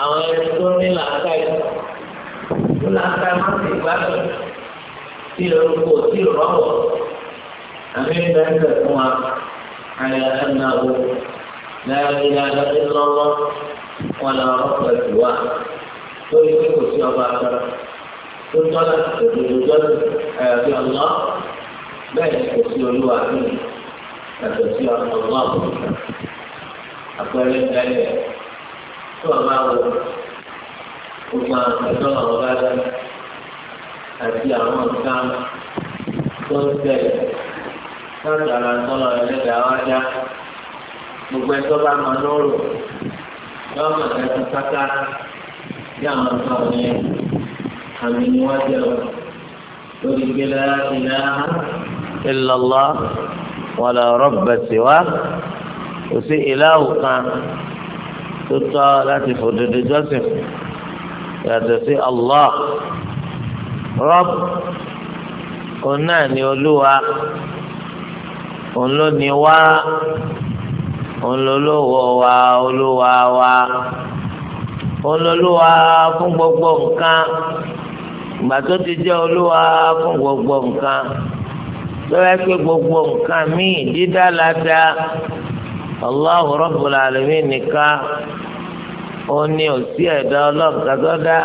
àwọn ẹni tó ní làákàyè tó làákàyè má sì gbádùn tí orúkọ tí rọ́bọ̀ àmì ìdájọ́ fún wa àyà ẹ̀nàwó láàrin ìlànà ìlọ́wọ́ wọn làwọn ọkọ̀ ẹ̀sìn wa lórí pé kò sí ọba àgbà tó tọ́lá òdòdó jọ́sìn àyàfi ọ̀nà bẹ́ẹ̀ kò sí olúwa nínú yàtọ̀ sí ọ̀nà ọ̀nà àpẹẹrẹ ìdájọ́ tó wà máa wọ gbogbo àwọn ọ̀dọ́ àwọn bá dá àti àwọn ọ̀gá tó ń tẹ̀lé lọ́dọ̀ àwọn àtọ́nà ẹlẹ́dàá wá dá gbogbo ẹ̀tọ́ bá máa lọ́rọ̀ lọ́wọ́ màtá ti pátá bí àwọn ọ̀gá wọn yẹn àmì ni wọ́n jẹ́ wọn lórí gbélé ìlànà. إلا الله ولا رب سواه وسي إله كان tó tọ́ láti fòdodo jọ́sìn yàtọ̀ sí Allah Rob, òun náà ni olúwa òun ló ní wá òun lolówó wa olúwa wa òun lolúwa fún gbogbo nǹkan ìgbà tó ti jẹ́ olúwa fún gbogbo nǹkan lọ́wọ́ pé gbogbo nǹkan míì dídá la dáa. Allahu Rabbul Alamin nìkan ó ní òsì ẹ̀dá ọlọ́ọ̀gá gọ́dá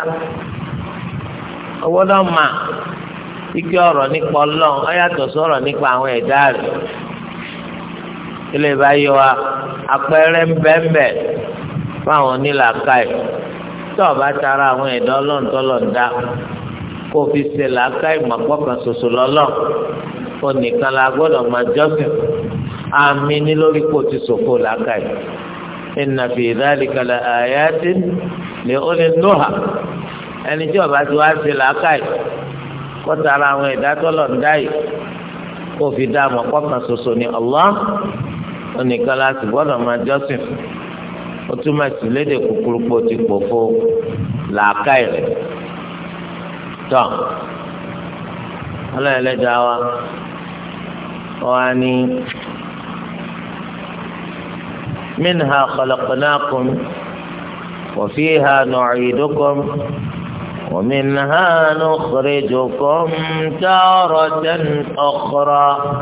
ọwọ́dọ̀ mà ike ọ̀rọ̀ nípa ọlọ́run ó yàtọ̀ sọ̀rọ̀ nípa àwọn ẹ̀dá rẹ̀ ilé ìbáyọ̀ wa apẹ̀rẹ̀ ń bẹ́ẹ̀ bẹ́ẹ̀ fáwọn onílàákàyè tó o bá tara àwọn ẹ̀dá ọlọ́run tọ́lọ̀ ń dá kó o fi ṣe làákàyè mọ̀pọ̀ kan ṣoṣo lọ́lọ́ o nìkan la gbọ́dọ̀ máa jọ́sìn àmì ní lórí kò ti sòfò làákàyè inna fi dhalika la ayatin li ulil nuha ẹni tí ọba ti wá sí làákàyè kọ́ta ara àwọn ìdátọ́lọ̀ ń dá yìí kó fi dá àmọ́ kọ́kàn ṣoṣo ní Allah oníkan láti gbọ́dọ̀ máa jọ́sìn ó túmọ̀ sí léde kúkúrú pé ó ti pòfo làákàyè rẹ̀ tọ́ ọlọ́ọ̀lẹ́dàá wa wọ́n á ní. منها خلقناكم وفيها نعيدكم ومنها نخرجكم تارة أخرى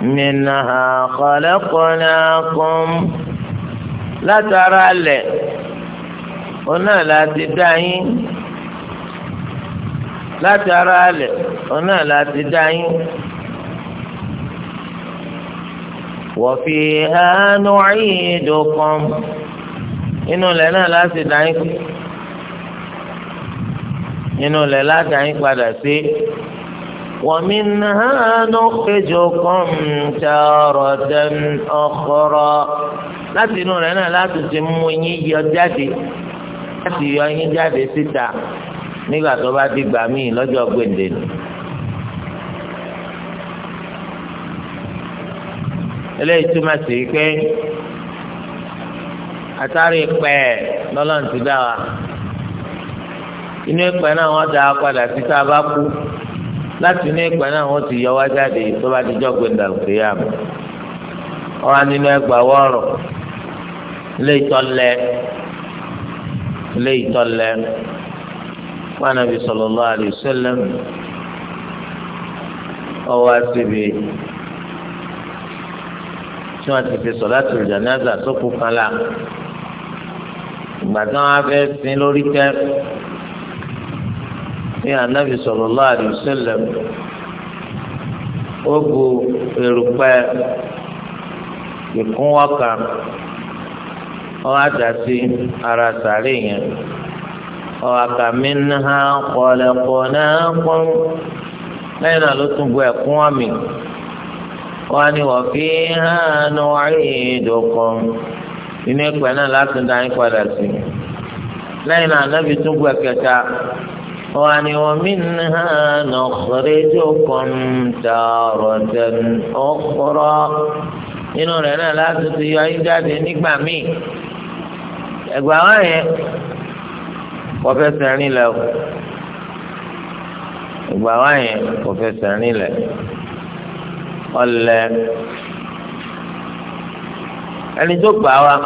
منها خلقناكم لا ترى لي هنا لا تدعين لا ترى لي هنا لا تدعين وفيها نعيدكم inú ilẹ̀ náà láti dá yín inú ilẹ̀ láti dá padà sí ومنها نخرجكم تارة أخرى láti inú rẹ̀ náà láti ti mú yín yọ jáde láti yọ yín jáde síta nígbà tó bá ti gbà míì lọ́jọ́ gbèǹdé nù. eléyìí túmọ̀ sí pé àtàrí pẹ́ lọ́lọ́run ti dá wa inú ìpẹ́ náà wọ́n dá padà sí tá a bá kú láti inú ìpẹ́ náà wọ́n ti yọ wá jáde tó bá ti jọ́gbìn dàrúkú yá mi ọ̀rọ̀ nínú ẹgbàá wọ́ọ̀rọ̀ eléyìí tọ́ eléyìí tọ́ tí wọ́n ti fi sọ̀látul jánásà sókù kan la ìgbà tí wọ́n fẹ́ sin lórí tẹ́ ní anabi sallallahu alaihi wasallam ó bu erùpẹ̀ ìkúnwọ́ kan wọ́n á dà sí ara sàárè yẹn wọ́n á kà mí ní ha kọlẹ̀kọ̀ náà kún lẹ́yìn náà ló tún bu ẹ̀kún wọ́n mi wọ́n ní wọ́n fi hàn nu'idukum inú ẹgbẹ́ náà láti dá yín padà sí lẹ́yìn náà anábì tún gbẹ kẹta wọ́n ní wọ́n minha nukhrijukum taratan ukhra inú rẹ̀ náà láti ti yọ ayé jáde nígbà míì ẹgbàá wọn yẹn wọ́n fẹ́ sẹ́rin lẹ̀ ẹgbàá wọn yẹn wọ́n fẹ́ sẹ́rin lẹ̀ ọlẹ ẹni tó gbà wá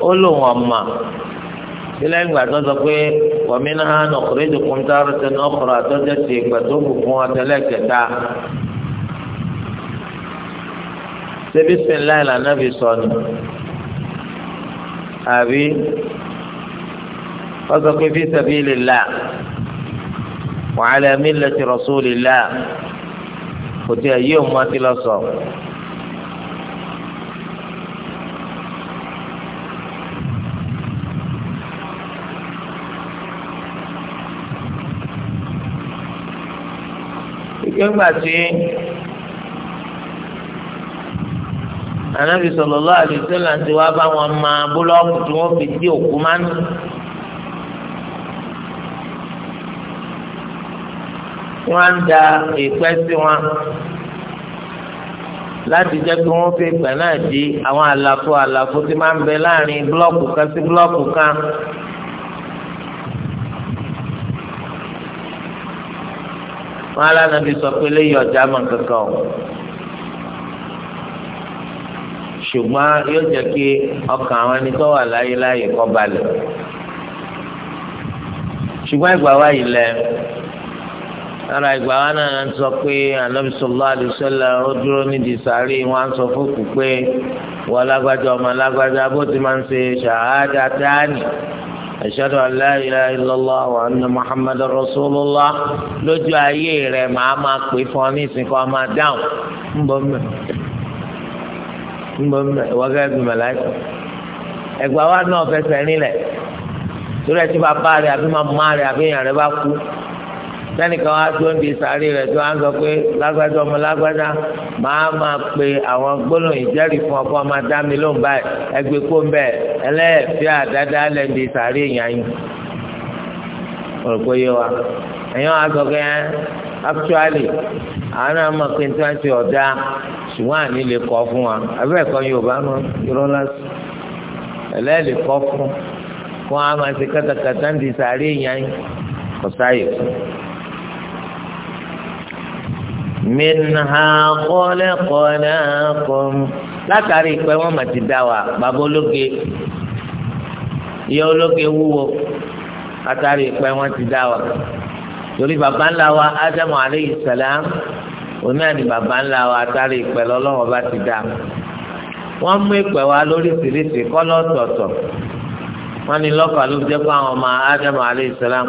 ó lòun ọmọ sílẹ̀ ìgbà tó sọ pé wàmínà hàn ọ̀kùnrin tó kún tá ọ̀rọ̀ tẹnu ọ̀kùnrin àtọ́jọ́ ti ìgbà tó kù fún ọtẹlẹ̀ kẹta. ṣebí sinla ìlànà fi sọ àbí wọ́n pé fi sabilillah wa ala millati rasulillah kò tí ẹ yí òun àti lọ sọ. nígbà tí anabi sọlọ lọ àdìsí là ń ti wá bá wọn máa búlọ́ọ̀kù tí wọ́n fi dí òkú mánu. wọ́n á ń da ìpẹ́ sí wọn láti jẹ́ pé wọ́n fi ìpẹ́ náà di àwọn àlàfo àlàfo tí máa ń bẹ láàrin búlọ́ọ̀kù kan sí búlọ́ọ̀kù kan. wọn alánàbí sọ pé léyìí ọjà mọ kankan o ṣùgbọ́n yóò jẹ́ kí ọkàn àwọn ẹni tó wà láyé láyè kó balẹ̀ ṣùgbọ́n ìgbà wáyé lẹ ara ìgbà wa náà ń sọ pé anabi sallallahu alaihi wasallam ó dúró nídìí sáré wọn á sọ fókù pé wọn alágbájá ọmọ alágbájá bó ti máa ń ṣe ṣàhádà táàní ashhadu an la ilaha illallah wa anna lójú ayé rẹ̀ màá máa pè fún ọ ní ìsìnkú ọmọ dáhùn ń bọ̀ mẹ́ ń bọ̀ mẹ́ wọ́gẹ́ bí màláìkà ẹ̀gbà wa náà fẹsẹ̀ rinlẹ̀ torí ẹ ti bá bá rẹ̀ àbí máa má rẹ̀ àbí èèyàn rẹ̀ bá kú sẹ́nìkan wá tó ń bi sàárì rẹ̀ tó ń sọ pé lágbájá ọmọ lágbájá máa máa pe àwọn gbólóhùn ìjẹ́rìí fún ọkọ máa dá mi lóhùn báyìí ẹgbẹ́ kó ń bẹ̀ ẹlẹ́ẹ̀fẹ́ àdáda lẹ́ ń bi sàárì èèyàn yìí. ọ̀rọ̀ pé yé wa ẹ̀yin wá sọ pé actually àwọn náà mọ̀ pé tí wọ́n ti ọ̀dà ṣùgbọ́n àní lè kọ́ fún wa abẹ́ẹ̀kọ́ Yorùbá náà yọrọ lásìkò ẹlẹ́ẹ̀lì kọ́ fún fún àwọn àti kátàkátà ń di sàárì èèyàn yìí kò sáyè fún minha khalaqnakum látàrí ìpè wọn mà ti dá wa bàbá ológe ìyá ológe wúwo látàrí wọn ti dá wa torí bàbá ńlá wa ádámù aleyhi sàlám òní àní bàbá ńlá wa látàrí ìpè lọ́lọ́wọ́ bá ti dá wọ́n mú ìpè wa lóríṣiríṣi kọ́lọ́ tọ̀tọ̀ wọ́n ní lọ́fà ló jẹ́ pé àwọn ọmọ ádámù aleyhi sàlám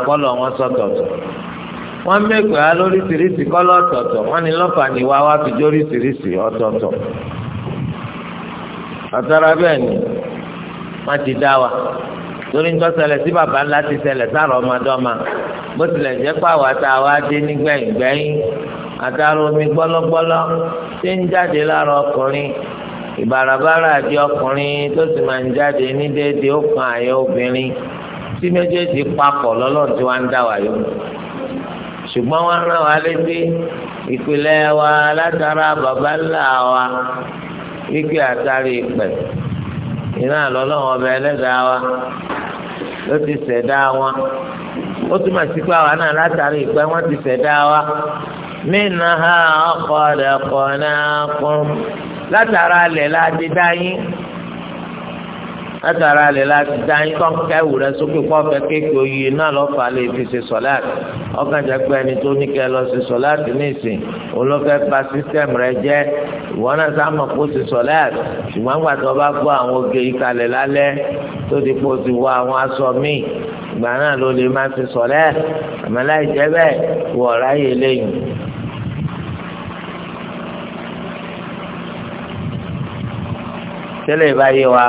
wọ́n mẹ́gbẹ̀ẹ́ wa lóríṣiríṣi kọ́lọ́ ọ̀tọ̀ọ̀tọ̀ wọ́n ní lọ́fà ní wa wá fi jóríṣiríṣi ọ̀tọ̀ọ̀tọ̀ ọ̀tọ̀ra bẹ́ẹ̀ ni wọ́n ti dá wa torí ń tọ́sẹ̀lẹ̀ sí bàbá ńlá ti ṣẹlẹ̀ sáàrọ̀ ọmọdọ́mà bó tilẹ̀ jẹ́ pàwọ́ àtàwọn adé nígbẹ̀yìngbẹ̀yìn àtàrà omi gbọ́lọ́gbọ́lọ́ tí ń jáde lára ọkùnrin ìbàràbàrà àti ọkùnrin tó sì máa ń jáde ní déédéé ó kan àyè obìnrin tí méjèèjì papọ̀ lọ́lọ́run tí wọ́n ń dá ṣùgbọ́n wọ́n rán wa létí ìpìlẹ̀ wa látara bàbá ńlá wa wípé àtàrí ìpẹ́ iná lọ́lọ́wọ́ ọba ẹlẹ́dàá wa ló ti ṣẹ̀dá wọn ó túmọ̀ sí pé àwa náà látàrí ìpẹ́ wọ́n ti ṣẹ̀dá wa mínà ha ọkọ̀ ọ̀dẹ̀kọ̀ náà kún látara lẹ̀ láti dá yín látara alẹ́ láti dá yín tó ń ká ìwù rẹ sókè kó ọ̀fẹ́ kéèké oyè náà lọ́fà lè fi ṣe sọ̀láàtì ọkàn jẹ́ pé ẹni tó ní kẹ́ lọ ṣe sọ̀láàtì nísìn olófẹ́ pa sísẹ́m rẹ jẹ́ ìwọ náà sáàmọ̀ kó ṣe sọ̀láàtì ṣùgbọ́n gbà tó bá gbọ́ àwọn oge yìí lálẹ́ tó ti kó ti wọ àwọn aṣọ míì ìgbà náà ló lè má ṣe sọ̀láàtì àmọ́ láì jẹ́ bẹ́ẹ̀ wọ̀ ráyè lẹ́yìn wa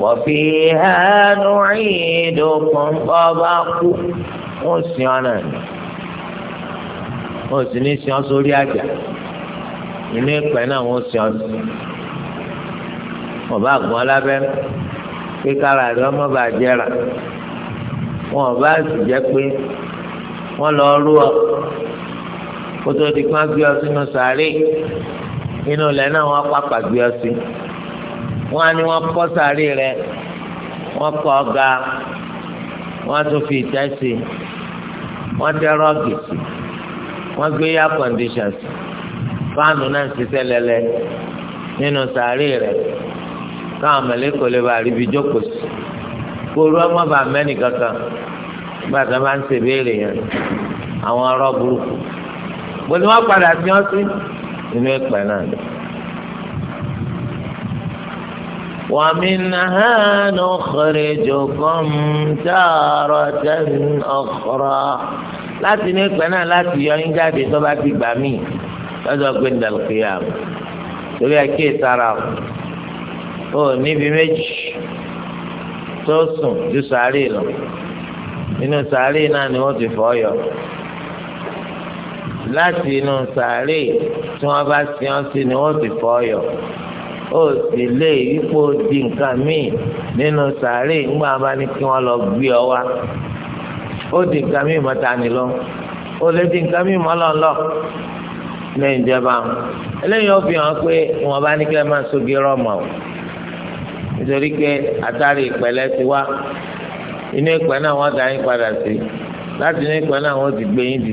وفيها نعيدكم فباكو وسيانا wọ́n sì ní sìn ọ́ sórí àjà inú ìpẹ́ náà wọ́n sìn ọ́ sí wọ́n bá gbọ́n lábẹ́ pé kára rẹ̀ ọmọ bá jẹ́ra wọ́n bá sì jẹ́ pé wọ́n lọ rú ọ kótó di pọ́n gbé ọ sínú sàárè inú ilẹ̀ náà wọ́n pàpà gbé ọ sí wọ́n á ní wọ́n kọ́ sàárè rẹ̀ wọ́n kọ́ ọ̀gá wọ́n tún fi ìtẹ́ sí wọ́n tẹ́ rọ́ọ̀gì sí wọ́n gbé air condition sí fáànù náà ṣiṣẹ́ lẹ́lẹ́ nínú sàárè rẹ̀ káwọn mẹ̀lẹ́kọ̀ lè bá rí ibi jókòó sí kóró ọmọ bá mẹ́ni kankan nígbà tí wọ́n bá ń ṣèbéèrè yẹn àwọn ọ̀rọ̀ burúkú gbọ́dọ̀ wọ́n padà sí ọ́ inú ìpẹ́ náà lọ. ومنها نخرجكم تارة أخرى láti ní pẹ́ náà láti yọ yín jáde tó bá ti gbà mí lọ́jọ́ pé ndàlùkìyà torí àkíyè sára o níbi méjì tó sùn ju sàárè lọ inú sàárè náà ni wọ́n ti fọ́ yọ láti inú sàárè tí wọ́n bá sin ọ́ sí ni wọ́n ti fọ́ yọ. ó sì lé ipò di nǹkan míì nínú sàárè ńgbà bá ní kí lọ gbé ọ wá ó di nǹkan míì mọ́ta ni lọ ó lè di nǹkan míì mọ́ lọ lẹ́yìn ìjọba eléyìí ó fi hàn pé wọ́n bá ní o nítorí pé àtàrí ti wá inú ìpẹ́ náà wọn dá yín padà sí láti inú náà ti gbé yín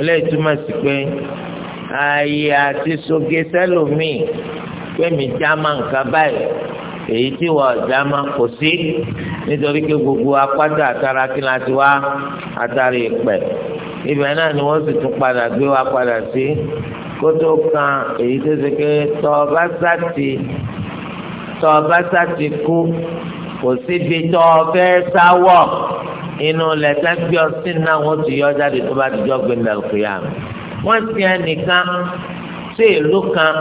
eléyìí túmọ̀ sí pé ààyè àti soge sẹ́lòmíì pẹ̀mí jámà nǹkan báyìí èyí tí wọ́n jámà kò sí nítorí pé gbogbo apáta àtàrà kí la ti wá àtàrà ìpẹ́ ibẹ̀ náà ni wọ́n sì tún padà gbé wa padà sí kótó kan èyí tó ṣe pé tọ́ọ̀bá sátì tọ́ọ̀bá sátì kú kò síbi tọ́ọ̀fẹ́ sáwọ̀ inú lẹ́tà gbé ọtí náà wọ́n ti yọ jáde tó bá ti jọ gbẹ̀ndà lùkìyàmù. wọ́n ti ẹnìkan sí ìlú kan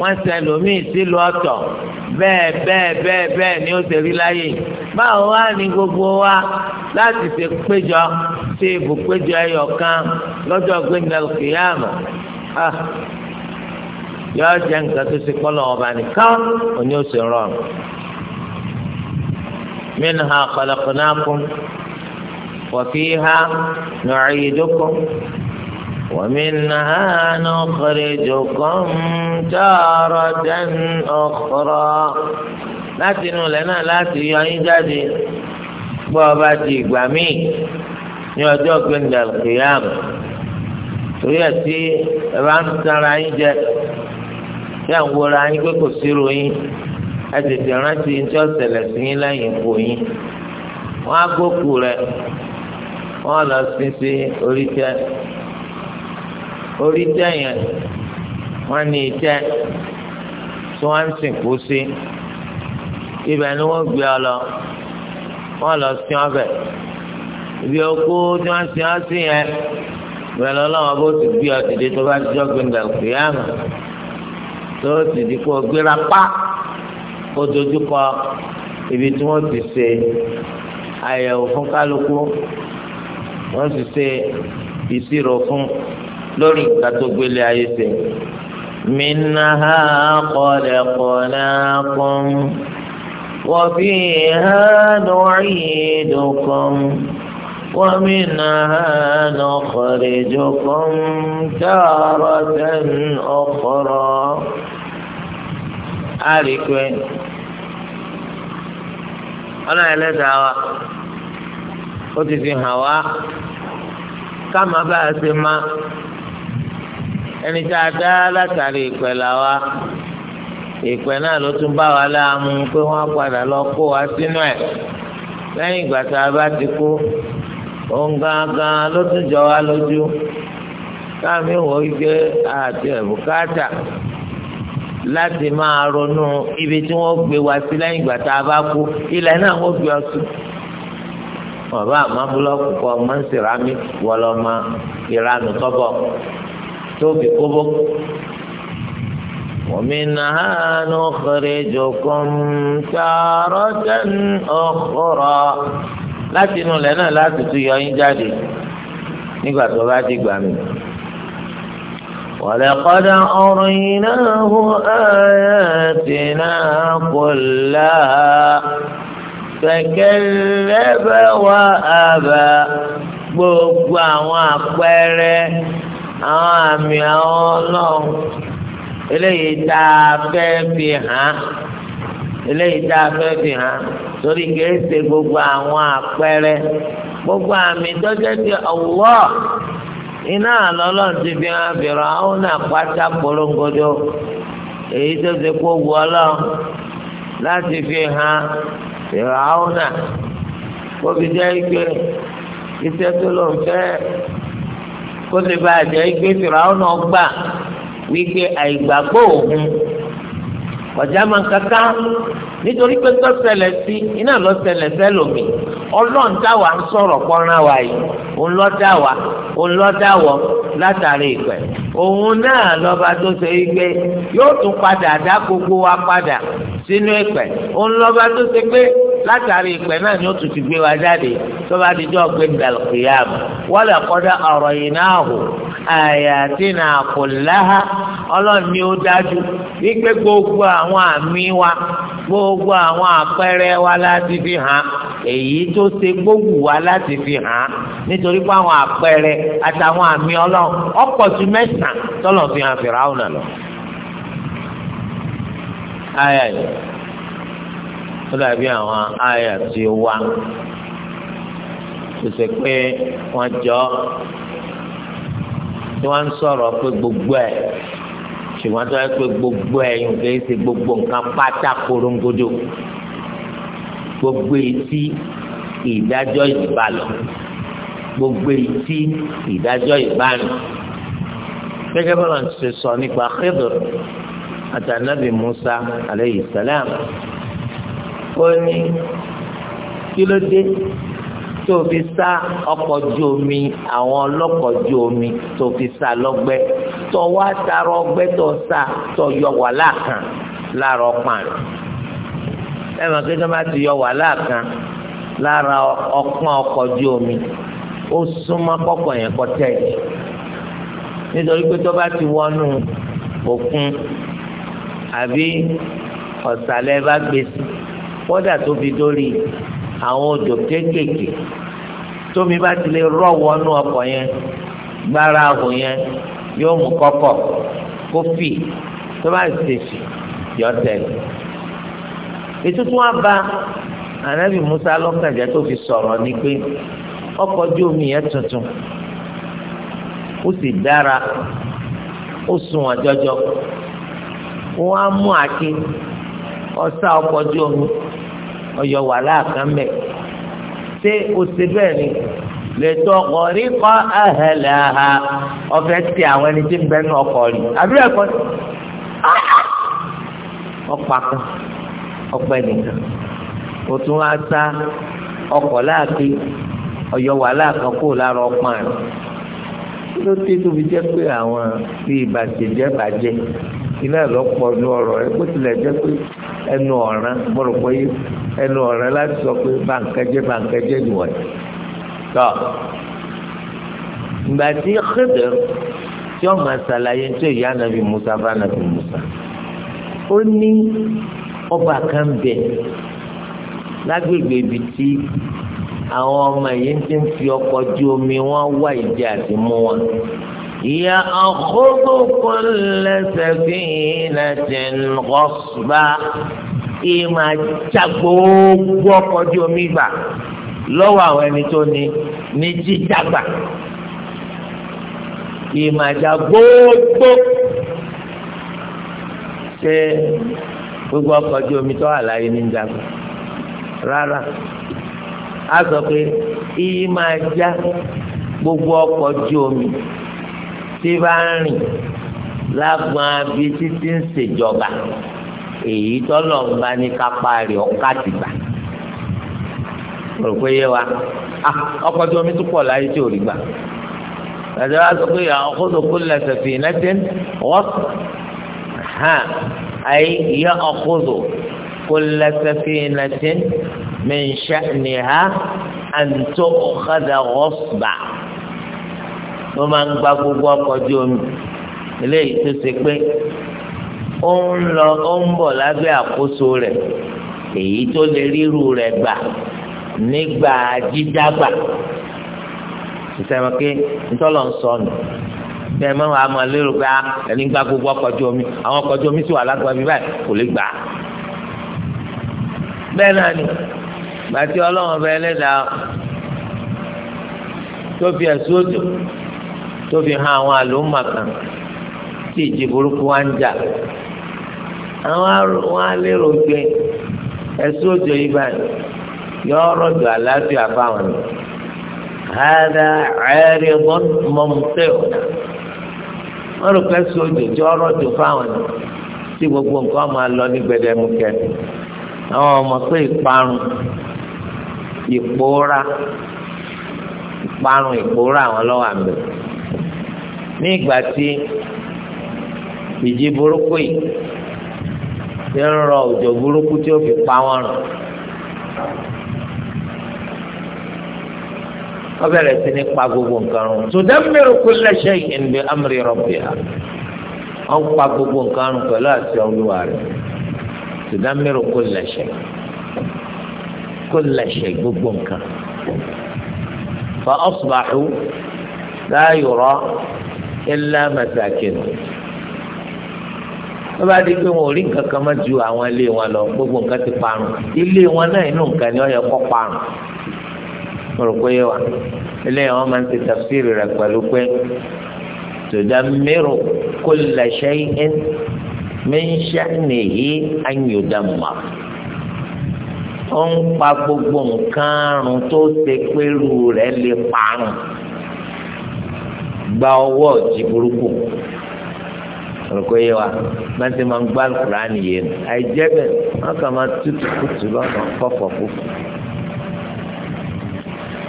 wọ́n ti ẹlòmíì sílùú ọ̀tọ̀ bẹ́ẹ̀ bẹ́ẹ̀ bẹ́ẹ̀ bẹ́ẹ̀ ni ó ṣe rí láyé báwo wá ní gbogbo wa láti ṣe péjọ sí ibùpéjọ ẹyọ kan lọ́jọ́ gbẹ̀ndà lùkìyàmù ah, yọ jẹ nǹkan tó ṣe kọ́ lọ́wọ́ bá nìkan òní ó ṣe rọrùn. minha khalaqnakum. وفيها نعيدكم ومنها نخرجكم تارة أخرى láti inú ilẹ̀ náà láti yọ yín jáde gbọ́ ọba ti ìgbà míì ní ọjọ́ gbẹ̀ndà kìyàm torí ẹ̀ tí ẹ bá ń tanra yín jẹ tí à ń wọra yín pé kò sírò yín ẹ tètè rántí ní tí ọ̀sẹ̀lẹ̀ sí yín lẹ́yìn ikú yín wọ́n á gbókù rẹ̀ wọ́n lọ sin sí orí tẹ́ orí tẹ́ yẹn wọ́n ní ìtẹ́ tí wọ́n ń sìnkú sí ibẹ̀ ni wọ́n gbé ọ lọ wọ́n lọ sin ọbẹ̀ ibi òkú tí wọ́n sin ọ sí yẹn ìbẹ̀ lọ́wọ́ bó ti gbé ọ dìde tó bá ti jọ́ gbẹ̀ngàn kìíyàmù tó ti di kó gbéra pa kó dojú kọ ibi tí wọ́n ti ṣe àyẹ̀wò fún kálukú wọ́n sì ṣe ìṣirò fún lórí ìgbà tó gbélé ayé ṣe. minnaha khalaqnakum wa fiha nu'idukum wa minnaha nukhrijukum taratan ukhra. a rí i pé ọlọ́run ẹlẹ́dàá wa. ó ti fi hàn wá káma bá a ṣe má ẹni tá a dá látàrí ìpè là wa ìpè náà ló wa láàmú pé wọ́n padà lọ kó wa sínú ìgbà tá a bá ti kú òun gangan ló tún jọ wá lójú káàmì wò ó gbé àti ẹ̀bùkátà láti máa ronú ibi tí wọ́n gbé wa sí ìgbà tá a bá kú ilẹ̀ náà bàbá àmọ́ búlọ́ọ̀kù kọ́ ọmọ ń sèrami wọlọ́ ọmọ ìranù tọ́bọ̀ tóbi kóbó. ومنها نخرجكم تارة أخرى láti inú ilẹ̀ náà láti tún yọ yín jáde nígbà tó bá ti gbà mí. ولقد أريناه آياتنا كلها فكذب وأبى gbogbo àwọn àpẹẹrẹ àwọn àmì àwọn ọlọ́run eléyìí tá a fẹ́ fi hàn eléyìí tá a fẹ́ fi torí kìí gbogbo àwọn àpẹẹrẹ gbogbo àmì tọ́jọ́ ti ọ̀wọ́ iná àlọ́lọ́run ti fi hàn bìrọ̀ àwọn náà èyí tó ti kó wọ́ ọlọ́run fìràwọ́nà kó fi jẹ́ ike iṣẹ́ tó lọ fẹ́ kó lè bá jẹ́ ike fìràwọ́nà gbà wípé àìgbàgbọ́ òun ọ̀já máa ń kankan nítorí pé tó ṣẹlẹ̀ sí iná lọ ṣẹlẹ̀ sẹ́lòmí ọlọ́run táwa ń sọ̀rọ̀ pọ́nrán wa yìí òun lọ́ dá wa òun lọ́ dá wọ látàrí ìpẹ́ òun náà lọ́ba tó ṣe gbé yóò tún padà dá gbogbo wa padà sínú ìpẹ́ òun lọ́ba tó ṣe gbé látàrí ìpẹ́ náà ni ó tún ti gbé wa jáde tó bá ti jọ́ gbé wọ́n lè kọ́dá ọlọ́run ó dájú wípé gbogbo àwọn àmì wa gbogbo àwọn àpẹẹrẹ wa láti fi hàn èyí tó ṣe gbogbo wa láti fi hàn nítorí pé àwọn àpẹẹrẹ àtàwọn àmì ọlọ́run ọ̀pọ̀ sí mẹ́sàn-án tọ́lọ̀ fi hàn lọ. yìí ó dàbí àwọn tí ó wá ṣe pé wọ́n jọ tí wọ́n ń sọ̀rọ̀ gbogbo ẹ̀. ṣùgbọ́n tó yẹ pé gbogbo ẹ̀yìn kì í ṣe gbogbo nǹkan pátá korongodo gbogbo etí ìdájọ́ ìbálọ̀ gbogbo etí ìdájọ́ ìbánu gẹ́gẹ́ bá wọn ṣe sọ nípa Khidr àti Ànábì Musa alayhi salam ó ní kí ló dé tó fi sá ọkọ̀ ojú omi àwọn ọlọ́kọ̀ ojú omi tó fi sá lọ́gbẹ́ tó wá tara ọgbẹ́ tó sá tó yọ wàhálà kan lára ọpọ́n rẹ̀ ẹ mọ̀ pé tó má ti yọ wàhálà kan lára ọpọ́n ọkọ̀ ojú omi ó súnmọ́ kọ́kọ́ yẹn kọ́ tẹ̀ nítorí pé tó bá ti wọnú òkun àbí ọ̀sàlẹ̀ bá gbèsè kódà tó fi dórí àwọn odò kéékèèké tómi bá ti lè rọ̀ wọnú ọkọ̀ yẹn gbára ahùn yẹn yóò mú kọ́kọ̀ kó fì tó bá ṣe fì yọ tẹ̀lé ètùtù wọn bá anabi musa lọ́kànjẹ́ tó fi sọ̀rọ̀ ni pé ọkọ̀ ojú omi yẹn tuntun ó sì dára ó sunwọ̀n jọjọ wọn á mú àáké ọ̀sá ọkọ̀ ojú omi ọyọ wà láàkán bẹ ṣé o ṣe bẹ́ẹ̀ ni lè tọ ọkọ rí kọ ahẹlẹ ha ọfẹ ti àwọn ẹni tí ń bẹ nínú ọkọ rí àbúrò ẹkọ ọpọ akán ọpọ ẹnìkan o tún wá sá ọkọ láàkí ọyọ wà láàkán kó lára ọpọ rẹ ló dé tó jẹ pé àwọn bíi ìbàjẹ́ jẹ́ bàjẹ́ iná lọ́pọ̀ nu ọ̀rọ̀ rẹ bó tilẹ̀ jẹ́ pé ẹnu ọ̀ràn gbọ́dọ̀ pé ẹnu ọ̀ràn láti sọ pé bàǹkẹ́jẹ́ bàǹkẹ́jẹ́ nìwọ̀n tọ́ ìgbà tí Khidir tí ó máa ṣàlàyé tí ò yá nàbì Musa bá nàbì Musa ó ní ọba kan bẹ lágbègbè ibi tí àwọn ọmọ yìí ti ń fi ọkọ̀ ju omi wọn wá ìdí àti mú wọn. يأخذ كل سفينة غصبا ìmọ̀ ajá gbogbo ọkọ̀ ojú omi gbà lọ́wọ́ àwọn ẹni tó ní ní jíjà gbà ìmọ̀ ajá gbogbo ṣe gbogbo ọkọ̀ ojú omi tó wà láyé ní ìjàgbá rárá a sọ pé ìmọ̀ gbogbo ọkọ̀ omi tí bá ń rìn lágbọn abí títí ń ṣèjọba èyí tọ́lọ̀ ń bá ní kápá rẹ̀ ọ̀ká ti gbà rò pé yé wa ah, ọkọ̀ tí omi tún pọ̀ láyé tí ò rí gbà gbàdúrà wá sọ pé àwọn kóso kó lẹsẹ̀ fi lẹ́sẹ̀ wọ́n hàn ayé ìyá ọkọ̀dọ̀ kó lẹsẹ̀ fi lẹ́sẹ̀ mẹ́ńṣẹ́ nìyà àǹtó ọ̀kadà wọ́n bà wọ́n máa ń gba gbogbo ọkọ̀ ojú omi eléyìí tó ṣe pé ó ń lọ ó ń bọ̀ lábẹ́ àkóso rẹ̀ èyí tó lè ríru rẹ̀ gbà nígbà jíjágbà sísẹ́mi pé ntọ́lọ̀ ń sọ nù bẹ́ẹ̀ mọ́ àwọn àmọ́ lérò pé ah, ẹni gba gbogbo ọkọ̀ ojú omi àwọn ọkọ̀ ojú omi sì wà lágbàá mi báyìí kò lè gbà á bẹ́ẹ̀ náà ni gbàtí ọlọ́run ọba ẹlẹ́dàá tó fi ẹ̀sùn òjò tó fi hàn àwọn àlòmà kan tí ìjì burúkú wá ń jà àwọn wọn á lérò pé ẹ̀sùn òjò yìí báyìí yọ rọ̀jò àlàáfíà fáwọn ni hàdà ẹ̀rí mọ̀mùtẹ́ ọ̀nà wọn rò pé ẹ̀sùn òjò tí ọ rọ̀jò fáwọn ni tí gbogbo nǹkan máa lọ ní gbẹdẹmukẹ àwọn ọmọ pé ìparun ìpòórá ìparun ìpòórá àwọn lọ́wọ́ àmì ní ìgbà tí ìjì burúkú yìí ti ń rọ òjò burúkú tí ó fi pa wọn rùn. wọ́n bẹ̀rẹ̀ sí ní pa gbogbo nǹkan rùn. tudammiru kulla shay'in bi amri rabbiha. wọ́n pa gbogbo nǹkan rùn pẹ̀lú àti olúwa rẹ̀. tudammiru kulla shay'in. kulla shay'in gbogbo nǹkan. fa asbahu la yura illa masakin wọ́n bá di pé wọn ò rí nǹkan kan mọ́ ju àwọn ilé wọn lọ gbogbo nǹkan ti parun ilé wọn náà inú nǹkan ni wọ́n yẹ kó parun mo rò pé wa ilé wọn máa ń ti tafsiri rẹ̀ pẹ̀lú pé tudammiru kulla shay'in min sha'nihi an yudammar ó ń pa gbogbo nǹkan àrùn tó ṣe pẹ̀lú rẹ̀ lè parun gba ọwọ́ ọ̀jì burúkú olùkọ́ yé wa máa ń sẹ́ máa ń gbá kúránì yé nu àìjẹ́ bẹ́ẹ̀ wọ́n kàn máa tútù kùtù lọ́nà kọ́fọ̀ kúkú.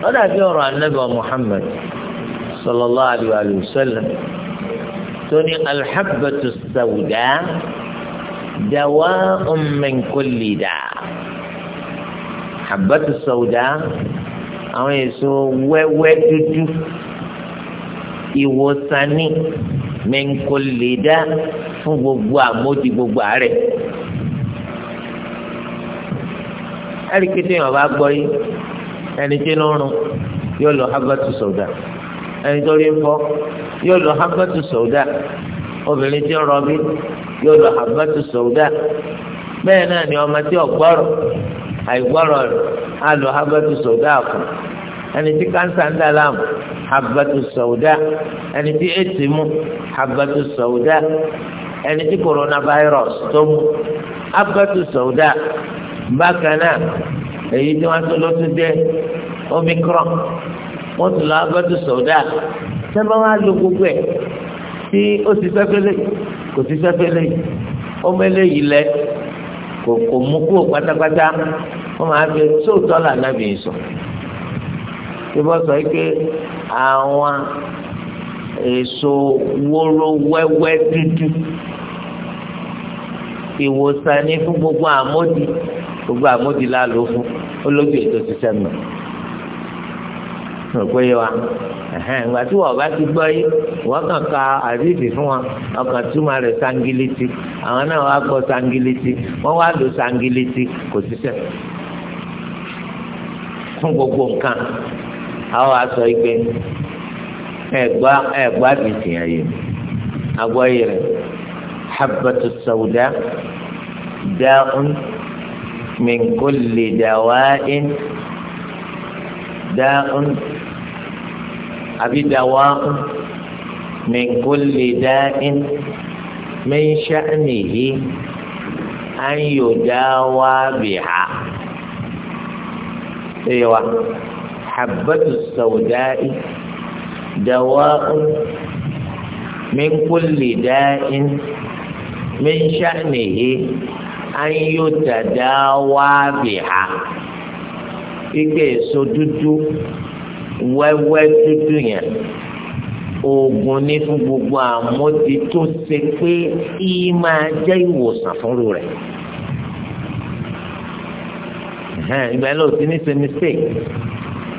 wọ́n dàbí ọ̀rọ̀ anábìá Muhammad sallallahu alayhi wa sallam tó ní alḥabbatu sawda dawa'un min àwọn èso wẹ́wẹ́ dúdú ìwòsàn ní mẹ́ńkólẹ́dá fún gbogbo àmójì gbogbo àárẹ̀. ẹ̀ríkì tí èèyàn bá gbọ́ yìí ẹni tí ń rún yóò lọ habatu sọ̀dà ẹni tó rí ń fọ́ yóò lọ habatu sọ̀dà obìnrin tí ń rọbí yóò lọ habatu sọ̀dà bẹ́ẹ̀ náà ni ọmọ tí ọ̀gbọ́rọ̀ àìgbọ́rọ̀ rẹ̀ á lọ habatu sọ̀dà fún ẹni tí kánsá ń dà láàmú habatu sauda ẹni tí ètè mú habatu sauda ẹni tí coronavirus tó mu habatu sauda bákan náà èyí tí wọ́n tó ló ti dé omicron wọ́n tún lọ habatu sauda sábà wọ́n á lo gbogbo ẹ̀ tí ó ti sẹ́fẹ́lẹ́ kò ti sẹ́fẹ́lẹ́ ọmọ eléyìí lẹ kò kò mú kúrò pátápátá wọ́n máa fi sóòtọ́ là nábìyí sọ. tí wọ́n sọ pé àwọn èso wóró wẹ́wẹ́ dúdú ìwòsàn ni fún gbogbo àmódi gbogbo àmódi la lò fún olóògbé ètò ṣiṣẹ́ mi rò pé wa ìgbà tí wọ́n bá ti gbọ́ yìí wọ́n kàn ka àdìsí fún wa ọkàn túmọ̀ rẹ̀ sangiliti àwọn náà wá gbọ́ sangiliti wọ́n wá lò sangiliti kò ṣiṣẹ́ fún gbogbo nǹkan àwọn aṣọ ìgbé ẹgbà ẹgbà bìtì ayé agbọ yìí rẹ habatu sawuda da'un min kulli dawa'in da'un àbí dawa'un min kulli da'in min sha'nihi an yudawa biha. Ṣé wa? الحبة السوداء دواء من كل داء من شأنه أن يتداوى بها ike èso dúdú wẹ́wẹ́ dúdú yẹn oògùn ní fún gbogbo àmódi tó ṣe pé í máa jẹ́ ìwòsàn fúnru rẹ̀ ìgbà yẹn ló ti ní ṣe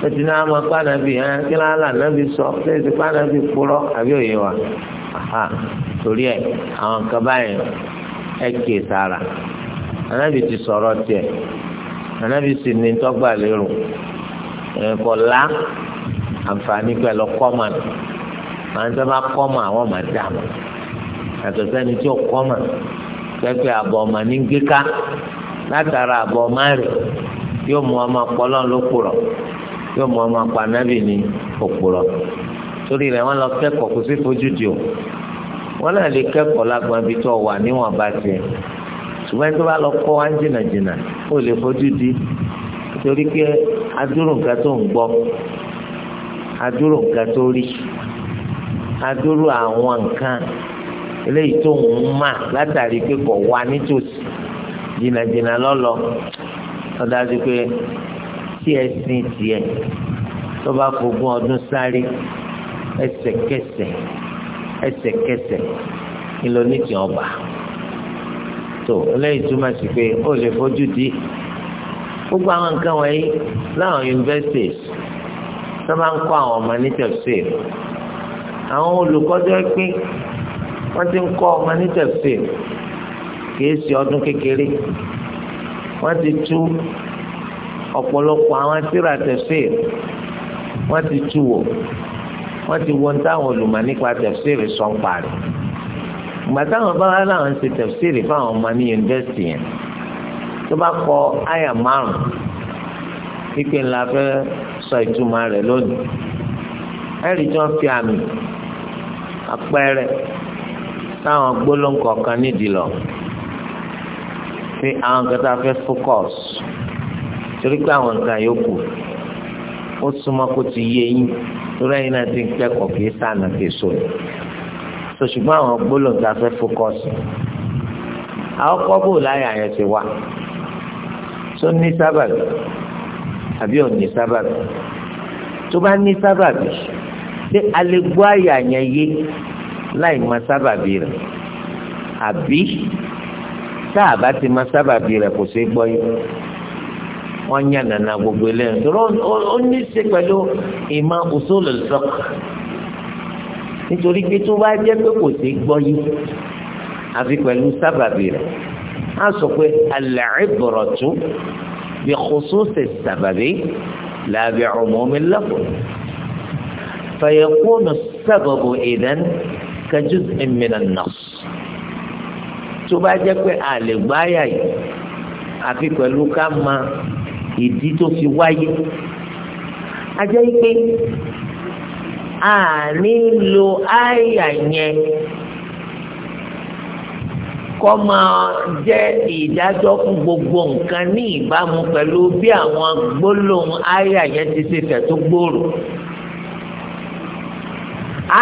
ẹtì náà máa pa nàbì ẹ kí náà là nàbì sọ ṣé ti pa nàbì kúrọ àbí òye wa torí ẹ àwọn nǹkan báyìí ẹ kì í sára ànábì ti sọ̀rọ̀ tiẹ̀ ànábì sì ní tọ́gbà lérò ẹ̀kọ́ la àǹfààní pẹ̀lú kọ́mà àwọn tó bá kọ́mà àwọn máa dà mọ́ yàtọ̀ sẹ́ni tí ó kọ́mà pẹ́pẹ́ àbọ̀ ọmọ ní gíká látara àbọ̀ ọmọ rẹ̀ yóò mú ọmọ pọ́lọ́ lókùrọ̀ yóò mọ ọmọ apá anábì ní òpùrọ́ torí rẹ̀ wọ́n lọ kẹ́kọ̀ọ́ kò sí fojú di o wọ́n náà lè kẹ́kọ̀ọ́ lágbọn ibi tó wà níwọ̀n bá tiẹ̀ ṣùgbọ́n ẹni tó bá lọ kọ́ wá ń jìnnàjìnnà ó lè fojú di torí pé adúrò nǹkan tó ń gbọ́ adúrò nǹkan tó rí adúrò àwọn nǹkan eléyìí tó ń mà látàrí pé kò wá nítòsí jìnnàjìnnà lọ́lọ́ ọ̀dájú pé sí ẹ̀sìn tiẹ̀ tó bá fogún ọdún sáré ẹsẹ̀kẹsẹ̀ ẹsẹ̀kẹsẹ̀ ńlọ nítì ọba tó lẹ́yìn túmọ̀ sí pé ó lè fojú di gbogbo àwọn nǹkan wọ̀nyí láwọn universities tó máa ń kọ́ àwọn ọmọ ní tẹ̀síìl àwọn olùkọ́jọ́ pín wọ́n ti ń kọ́ ọmọ ní tẹ̀síìl kìí ṣe ọdún kékeré wọ́n ti tú ọ̀pọ̀lọpọ̀ àwọn tírà tafsir wọ́n ti tú wò wọ́n ti wọ́n táwọn olùmọ̀ nípa tafsir sọ ń parí ìgbà táwọn bá wà láwọn ṣe tafsir fáwọn ọmọ ní yunifásitì yẹn tó bá kọ àyà márùn pípé ńlá fẹ́ sọ ìtumọ̀ rẹ̀ lónìí ẹ̀rí tí wọ́n fi àmì àpẹẹrẹ táwọn gbólóńkọ̀ọ̀kan nídìí lọ pé àwọn kan fẹ́ focus torí pé àwọn nǹkan yòókù ó súnmọ́ kó ti yé yín lórí ẹ̀yin náà ti ń kẹ́kọ̀ọ́ kì í sànà kì í sòrò tó ṣùgbọ́n àwọn gbólóhùn tá a fẹ́ fókọ́sì àwọn kọ́bù láyé àyẹ̀ ti wá tó ní sábàbí àbí ò ní sábàbí tó bá ní sábàbí ṣé a àyà yẹn yé láì mọ sábàbí rẹ̀ àbí tá bá ti mọ sábàbí rẹ̀ kò ṣeé gbọ́ yìí wọ́n yàn nànà gbogbo eléyìí tọ́lọ́ ó ní ṣe pẹ̀lú ìmọ̀ usulul fiqh nítorí pé tó bá jẹ́ pé kò sí gbọ́ yìí àfi pẹ̀lú sábàbí rẹ̀ á sọ pé al-ibratu bi khususi sábàbí la bi umumi al-lafz فيكون السبب إذن كجزء من النص tó bá jẹ́ pé àlè gbáyà yìí àfi pẹ̀lú ká máa ìdí tó fi wáyé ajẹ́ pé a nílò àyà yẹn kọ́ máa jẹ́ ìdájọ́ fún gbogbo nǹkan ní ìbámu pẹ̀lú bí àwọn gbólóhùn àyà yẹn ti ṣe fẹ̀ tó gbòòrò.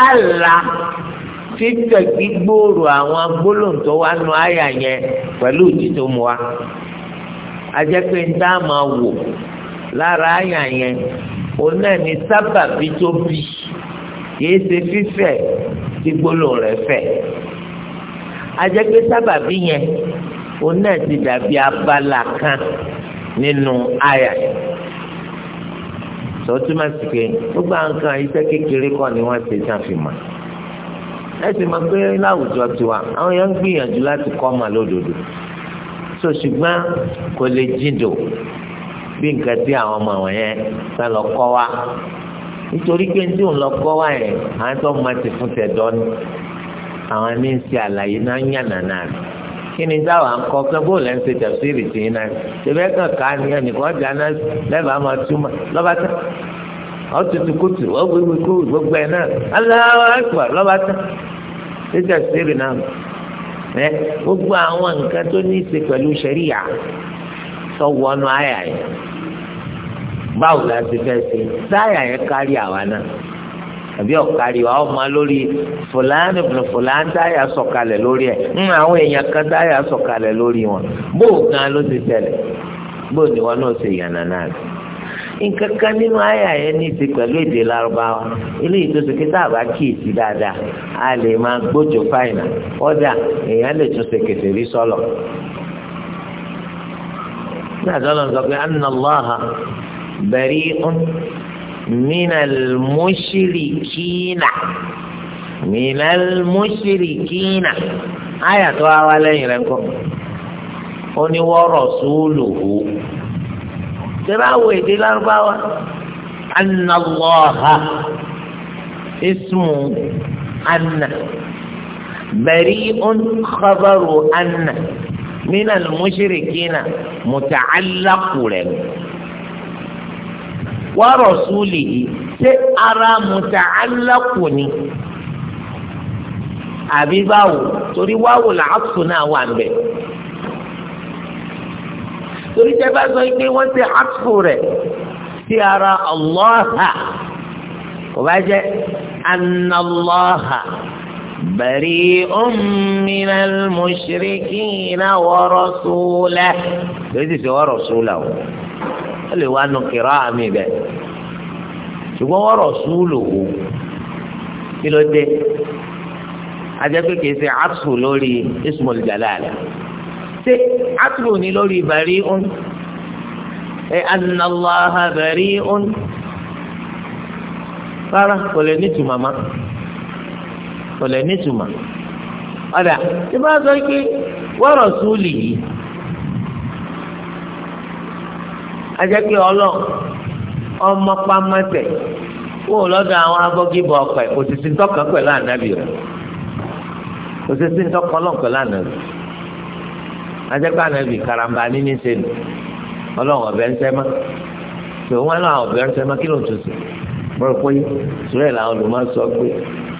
àlà fífẹ̀ gbígbòòrò àwọn gbólóhùn tó wà nù àyà yẹn pẹ̀lú ìdí mu wa ajẹ́pẹ́ ń dá máa wò lára àyà yẹn òun náà ní sábàbí tó bí kìí ṣe fífẹ̀ tí gbólóhùn rẹ̀ fẹ̀ ajẹ́pẹ́ sábàbí yẹn òun náà ti dàbí abala kan nínú àyà yẹn sọ tí ma sì ké gbogbo àwọn kan iṣẹ́ kékeré kọ́ ni wọ́n ṣe ṣàfihàn ẹ sì mọ̀ pé láwùjọ tiwa àwọn yẹn ń gbìyànjú láti kọ́ ọmọ lódodo so ṣùgbọ́n kò lè jíndò bí nǹkan tí àwọn ọmọ wọn yẹn tá lọ kọ́ wa nítorí pé tí òun lọ kọ́ wa yẹn àwọn tó máa ti fún tẹ̀dọ́ ni àwọn ní ń ṣe àlàyé náà ń yànnà náà kí ni táwa ń kọ́ pé bóòlù ẹ̀ ń ṣe tẹ̀síìrì tì í náà ṣẹbẹ́ kankan ni ẹnìkan dáná lẹ́bàá máa túmọ̀ lọ́ba tán ọ̀tútù kùtù ọ̀gbẹ̀gbẹ̀ kùtù gbogbo ẹ̀ náà aláwọ̀ àgbà ẹ gbogbo àwọn nǹkan tó ní í ṣe pẹ̀lú ṣẹ̀ríyà wọnú àyà yẹn báwo la ti fẹ́ ṣe táyà yẹn kárí àwa náà àbí ọ̀kárí wa ọmọ lórí fúlàní fúlàní táyà sọ̀kalẹ̀ lórí ẹ̀ ń àwọn èèyàn kan táyà sọ̀kalẹ̀ lórí wọn bóò gan ti nǹkan kan nínú àyà yẹn ní ti pẹ̀lú èdè lárúbáwá eléyìí tó sèké tá a bá kíyèsí dáadáa a lè máa gbójú fáìnà ọjà èèyàn lè tún ṣe kẹsẹ̀ rí sọ́lọ̀ ní àtọ́lọ́ sọ pé annallaha bari'un minal mushrikina minal mushrikina àyà tó wá wá lẹ́yìn rẹ̀ kọ́ ó ní tẹ́lá wo èdè lárúbáwá anàlọ́ha ismu anna bari'un khabaru anna mina al-mushrikina muta'allaqu lahu wa rasulihi ṣé ara muta'allaqu ni àbí báwo torí wáwo làásù náà wà ń bẹ̀ torí tẹ bá sọ pé wọ́n ti hàtfù rẹ̀ sí ara ọlọ́ha kò bá jẹ́ anàlọ́ha bari'un minal mushrikina wa rasulahu lórí ti fi wa rasulahu ó lè wá nu kìrọ́ àmì bẹ́ẹ̀ ṣùgbọ́n wa rasuluhu kí ló dé ajẹ́ pé kìí ṣe àtúntò lórí ismul jalala. ṣe àtúrò ní lórí un, ẹ anna Allaha fara rárá kò lè ní má kò lè ní tùmọ̀ tí bá sọ pé wa rasulihi ajẹ́ pé ọlọ́ ọmọ pamọ́tẹ̀ kó lọ́dọ̀ àwọn abọ́gibọ̀ ọ̀pẹ̀ kò pẹ̀lú ajẹ́pẹ́ ànábì karamba níní sẹ́nu ọlọ́run ọ̀bẹ ń sẹ́mọ́ tó wọn náà ọ̀bẹ ń sẹ́mọ́ kí ló ń tutù mọ̀rọ̀ pé sùrẹ́ làwọn olùmọ̀ sọ pé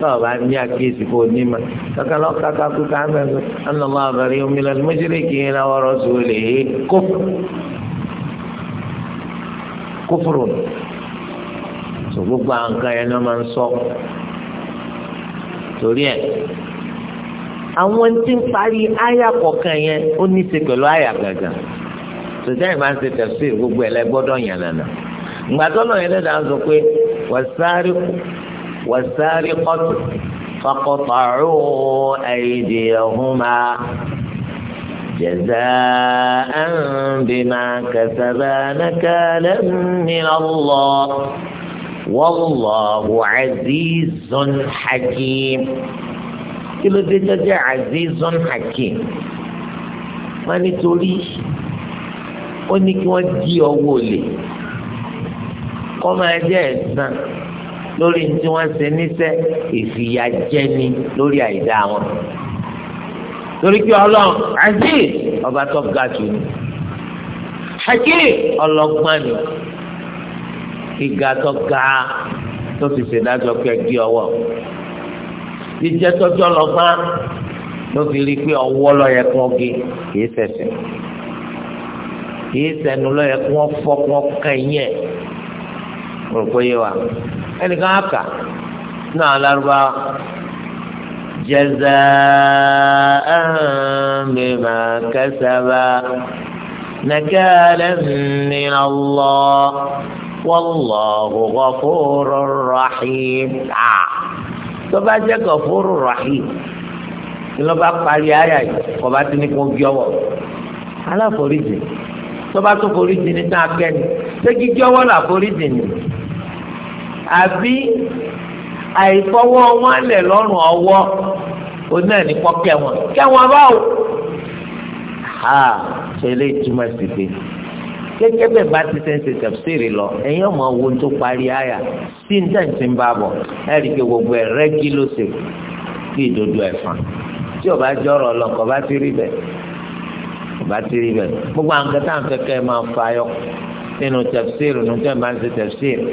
náà bá ní àkíyèsí kó ní ma kàkà lọ kàkà kú ká ń bẹ̀rẹ̀ ẹnu lọ àbẹ̀rẹ̀ omi lọ mọ́sílẹ̀ kì í náwó ọ̀rọ̀ sùn lè é kó kófòrò tó gbogbo àwọn nǹkan yẹn ni wọ́n máa ń sọ torí ẹ̀ àwọn tí ń parí àyà kọ̀ọ̀kan yẹn ó ní í ṣe pẹ̀lú àyà gàgà sọ̀tẹ́ ìmáa ń ṣe tẹ̀sí gbogbo ẹ̀ lẹ́gbọ́dọ̀ yàn lẹ́nà ìgbàdọ́nà yẹn lẹ́dà sọ pé wàsáárì wàsáárì kọ́tù faqta'u aydiyahuma jaza'an bima kasaba nakalan min Allah wallahu azizun hakim kí ló dé jẹjẹ azizun hakim wọn nítorí ó ní kí wọn di ọwọ́ lè kọ́ máa jẹ́ ẹ̀san lórí tí wọ́n ṣe níṣẹ́ ìfìyàjẹni lórí àìdá wọn. torí pé ọlọ́run aziz ọba tó ga jù ní hakim ọlọ́gbọ́n ni ìga tó ga tó ti ṣèdájọ́ pé di ọwọ́ jíjẹ tọjọ lọgbọn ló fi rí i pé ọwọ́ lọyẹ kún ọgẹ kìí ṣẹṣẹ kìí sẹnu lọyẹ kún ọfọ kún ọkàn yẹn rò pé yé wa ẹnìkan àkà náà lárúbáwá جزاء بما كسبا نكالا من الله والله غفور رحيم آه tọ́ba jẹ́ gọ̀fóró rahim tí lọ́ bá parí àyà yìí kọ́ba tí ní kó gbé ọwọ́ aláforíjì tọ́ba tó foríjì ní tán akẹ́ni ṣé gígé ọwọ́ là foríjì ni àbí àìfọwọ́ wọn lẹ̀ lọ́rùn ọwọ́ oní ẹ̀ ní kọ́ kẹwọn kẹwọn báwo ṣe lè túmọ̀ sí pé gẹ́gẹ́ bẹ́ẹ̀ bá ti ṣe ń ṣe tẹ̀síìrì lọ ẹ̀yin ọmọ wo tó parí àyà tí ń tẹ̀ ń ti ń bá bọ̀ ẹ̀rí pé gbogbo ẹ̀ rẹ́gí ló ṣe kí ìdodo ẹ̀fọn tí ò bá jọ̀rọ̀ lọ kò bá ti rí bẹ́ẹ̀ kò bá ti rí bẹ́ẹ̀ gbogbo àwọn kẹta àwọn kẹkẹ máa fa ayọ nínú tẹ̀síìrì nínú tẹ̀ máa ń ṣe tẹ̀síìrì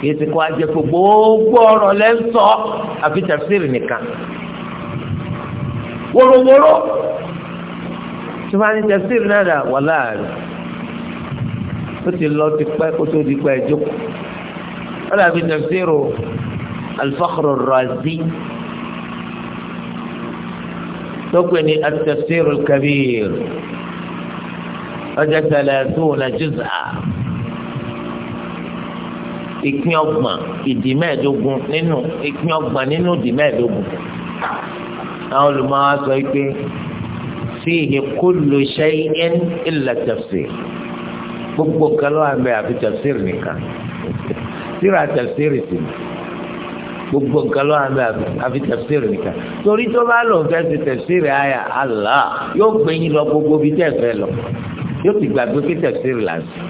kì í ti kó ajẹ́ pé gbogbo ọ̀rọ̀ lẹ́ tí wọ́n á ní tẹ̀síìrì náà dà wà láàrin. ó ti lọ ti pẹ́ kó tó di pẹ́ jókòó ó dàbí tafsiru al-Fakhr ar-Razi tó pè ní at-tafsir al-kabir ọjọ́ thalathuna juz'a ìpín ọgbọ̀n ìdí mẹ́ẹ̀ẹ́dógún nínú ìpín ọgbọ̀n nínú ìdí mẹ́ẹ̀ẹ́dógún àwọn olùmọ̀ olùmọ̀ọ́ sọ pé fi fihi kullu shay'in illa tafsir. gbogbo nǹkan ló wà ń bẹ àfi tafsir nìkan síra tafsir sí ni gbogbo nǹkan ló wà ń bẹ àfi tafsir nìkan torí tó bá lò fẹ́ ti tafsir àyà Allah yóò gbé yín lọ gbogbo bí tẹ́ fẹ́ lọ yóò ti gbàgbé pé tafsir là ń sìn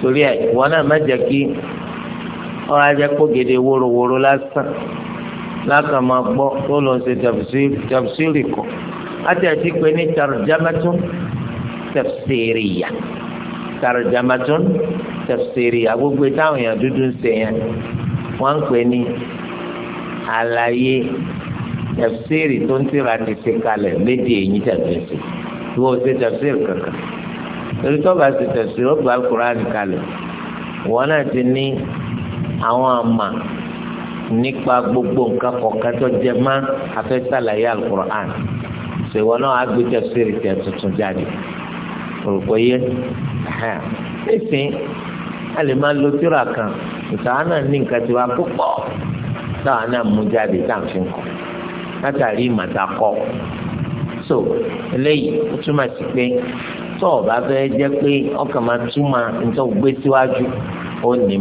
torí ẹ wọn náà má jẹ́ kí ọ̀rọ̀ ajẹ́ kó gèdè wórówóró lásán lákàn máa gbọ́ tó lọ ṣe tafsir tafsir kọ àti ẹ̀sìn pé ní tarjamatu tafsiriya tarjamatun tafsiriya gbogbo táwọn èèyàn dúdú ń ṣe yẹn wọ́n ń pè ní àlàyé tafsiri tó ń tìrà ti ṣe kalẹ̀ léde èyí tẹ̀síìrì ìwọ ò ṣe tafsiri kankan torí tó bá ṣe tafsiri ó gba Kùránì kalẹ̀ wọ́n náà ti ní àwọn àmà nípa gbogbo nǹkan kọ̀ọ̀kan tó jẹ mọ́ afẹ́sàlàyé alukur'an ṣèwọ́n náà á gbé tafsiri tẹ̀ tuntun jáde. òrùkọ yẹ ẹsìn a lè máa lo tíra kan ìtàwọn náà ní nǹkan tiwa púpọ̀ táwọn náà mú jáde tá à ń fi kọ látàrí kọ so eléyìí ó túmọ̀ sí pé tó o bá fẹ́ jẹ́ pé ọkàn máa túmọ̀ nítorí o gbé síwájú ó ní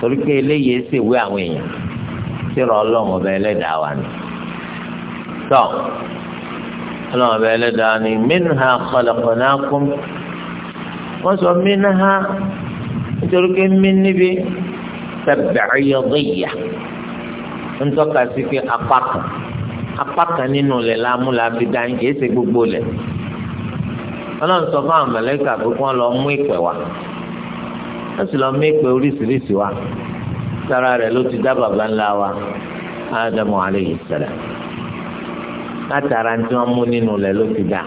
torí pé eléyìí àwọn èèyàn tí ìrọ̀ ọlọ́run ọba ẹlẹ́dàá ọlọ́run ọba ẹlẹ́dàá ni minha khalaqnakum wọ́n sọ minha nítorí pé mí níbi tabi'iyya ń tọ́ka sí pé apá kan apá nínú ilẹ̀ la mú la ṣe gbogbo lẹ̀ ọlọ́run sọ fún àwọn pé kí wọ́n lọ mú ìpè wá wọ́n sì lọ mú ìpè oríṣiríṣi wá sára rẹ̀ ló ti dá bàbá ńlá wa Ádámù alayhi látara tí wọ́n mú nínú rẹ̀ ló ti dà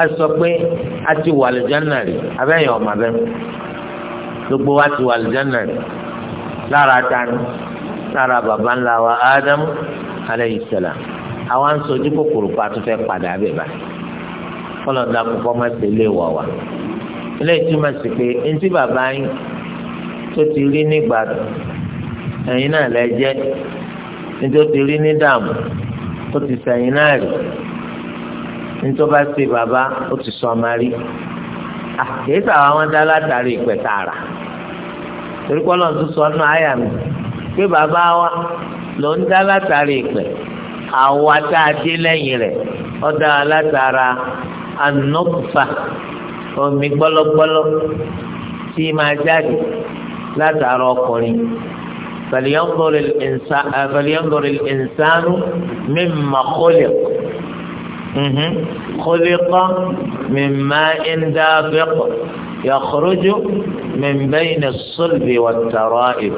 a sọ pé a ti wà lùjánà rí abẹ́yẹn ọ̀mà bẹ́ẹ̀ gbogbo wa ti wà lùjánà rí lára dání lára baba ńlá wa Ádámù aleyhi sẹlẹm àwa ń sojú kòkòrò pa tó fẹ́ padà bẹ̀ bá kọlọ̀ dà kó kọ́ mẹ́sẹ̀ lé wà wá ilé ìtumọ̀ sí pé ntí bàbá yín tó ti rí nígbà ẹ̀yin náà lẹ́jẹ́ ntí ó ti rí ní dààmú ó ti sẹ̀yìn náà rí nítorí bá baba bàbá ó ti sọ ọmọ rí kìí sàwọn àwọn dá látàrí ìpẹ̀tà àrà torí tó sọ ọ́nà àyà mi pé bàbá wa ló ń dá látàrí ìpẹ̀ àwa tá a lẹ́yìn rẹ̀ ó dá omi gbọ́lọ́gbọ́lọ́ tí máa فلينظر الإنسان فلينظر الإنسان مما خلق خلق من ماء دافق يخرج من بين الصلب والترائب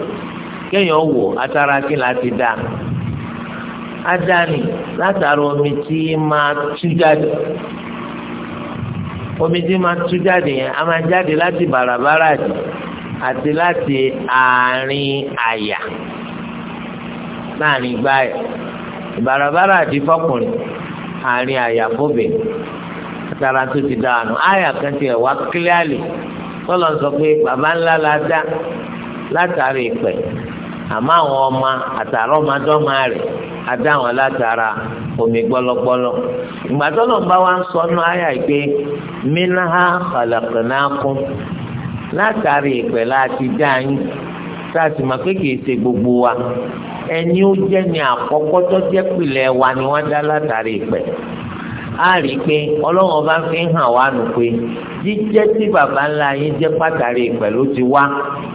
كي هو أتراك الأتداء أداني لا ترى متي ما تجد ومتي ما تجد أما جد لا تبارا àti láti àárín àyà láàrin gbáyà ìbàràbàrà àti fọkùnrin àárín àyà fóbìn àtàrà tó ti àyà kan ti kílíàlì tọ́lọ̀ sọ pé bàbá la dá látàrí ìpẹ́ àmọ́ àwọn ọmọ rẹ̀ adá látara gbọlọgbọlọ ìgbà tọ́lọ̀ bá wa ń sọ ọ́nà àyà pé látàrí ìpè láti dá yín sáàtì máa kéèké ṣe gbogbo wa ẹni ó jẹ́ ní àkọ́kọ́ tó jẹ́ pìlẹ̀ wa ni wọ́n dá látàrí ìpè á rí i pé ọlọ́run ọba fi ń hàn wá nù pé jíjẹ́ tí bàbá ńlá yín jẹ́ pàtàrí ìpẹ̀lú ti wá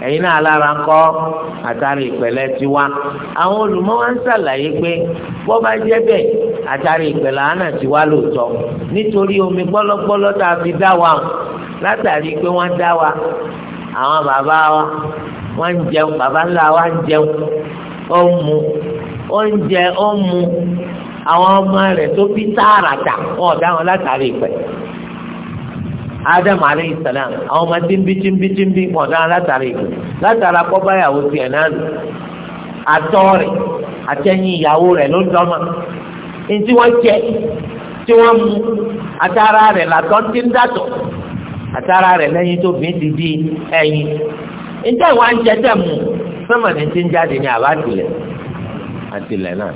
ẹ̀yin náà lára kọ́ àtàrí ìpẹ̀lẹ́ ti wá àwọn olùmọ̀ wá ń ṣàlàyé pé bó bá jẹ́ bẹ́ẹ̀ àtàrí ìpẹ̀lẹ́ àánà ti wá lóòótọ́ nítorí omi gbọ́lọ́gbọ́lọ́ tá a fi dá wa látàrí pé wọ́n dá wa àwọn bàbá wa wọ́n ń jẹun bàbá ńlá wa ń jẹun ó ń mu oúnjẹ ó ń mu àwọn ọmọ rẹ̀ tó bí tààràtà wọn ọ̀dá wọn látàrí ìpẹ́ ádámù aleyhi sàlám àwọn ọmọ tìǹbì tìǹbì tìǹbì wọn ọ̀dá wọn látàrí ìpẹ́ látàrí akọ́báyàwó tiẹ̀ náà lò àtọ́ rẹ̀ àtẹ̀yìn ìyàwó rẹ̀ ló ń dọ́mà ntí wọ́n jẹ tí wọ́n mu àtàrà rẹ̀ làtọ́ ti ń dàtọ̀ àtàrà rẹ̀ lẹ́yìn tó fi ń dìdí ẹyin ntẹ̀ wọ́n jẹ tẹ̀ mu sọ́mọ̀nì ti ń jáde ní àbá tilẹ̀ àtilẹ̀ náà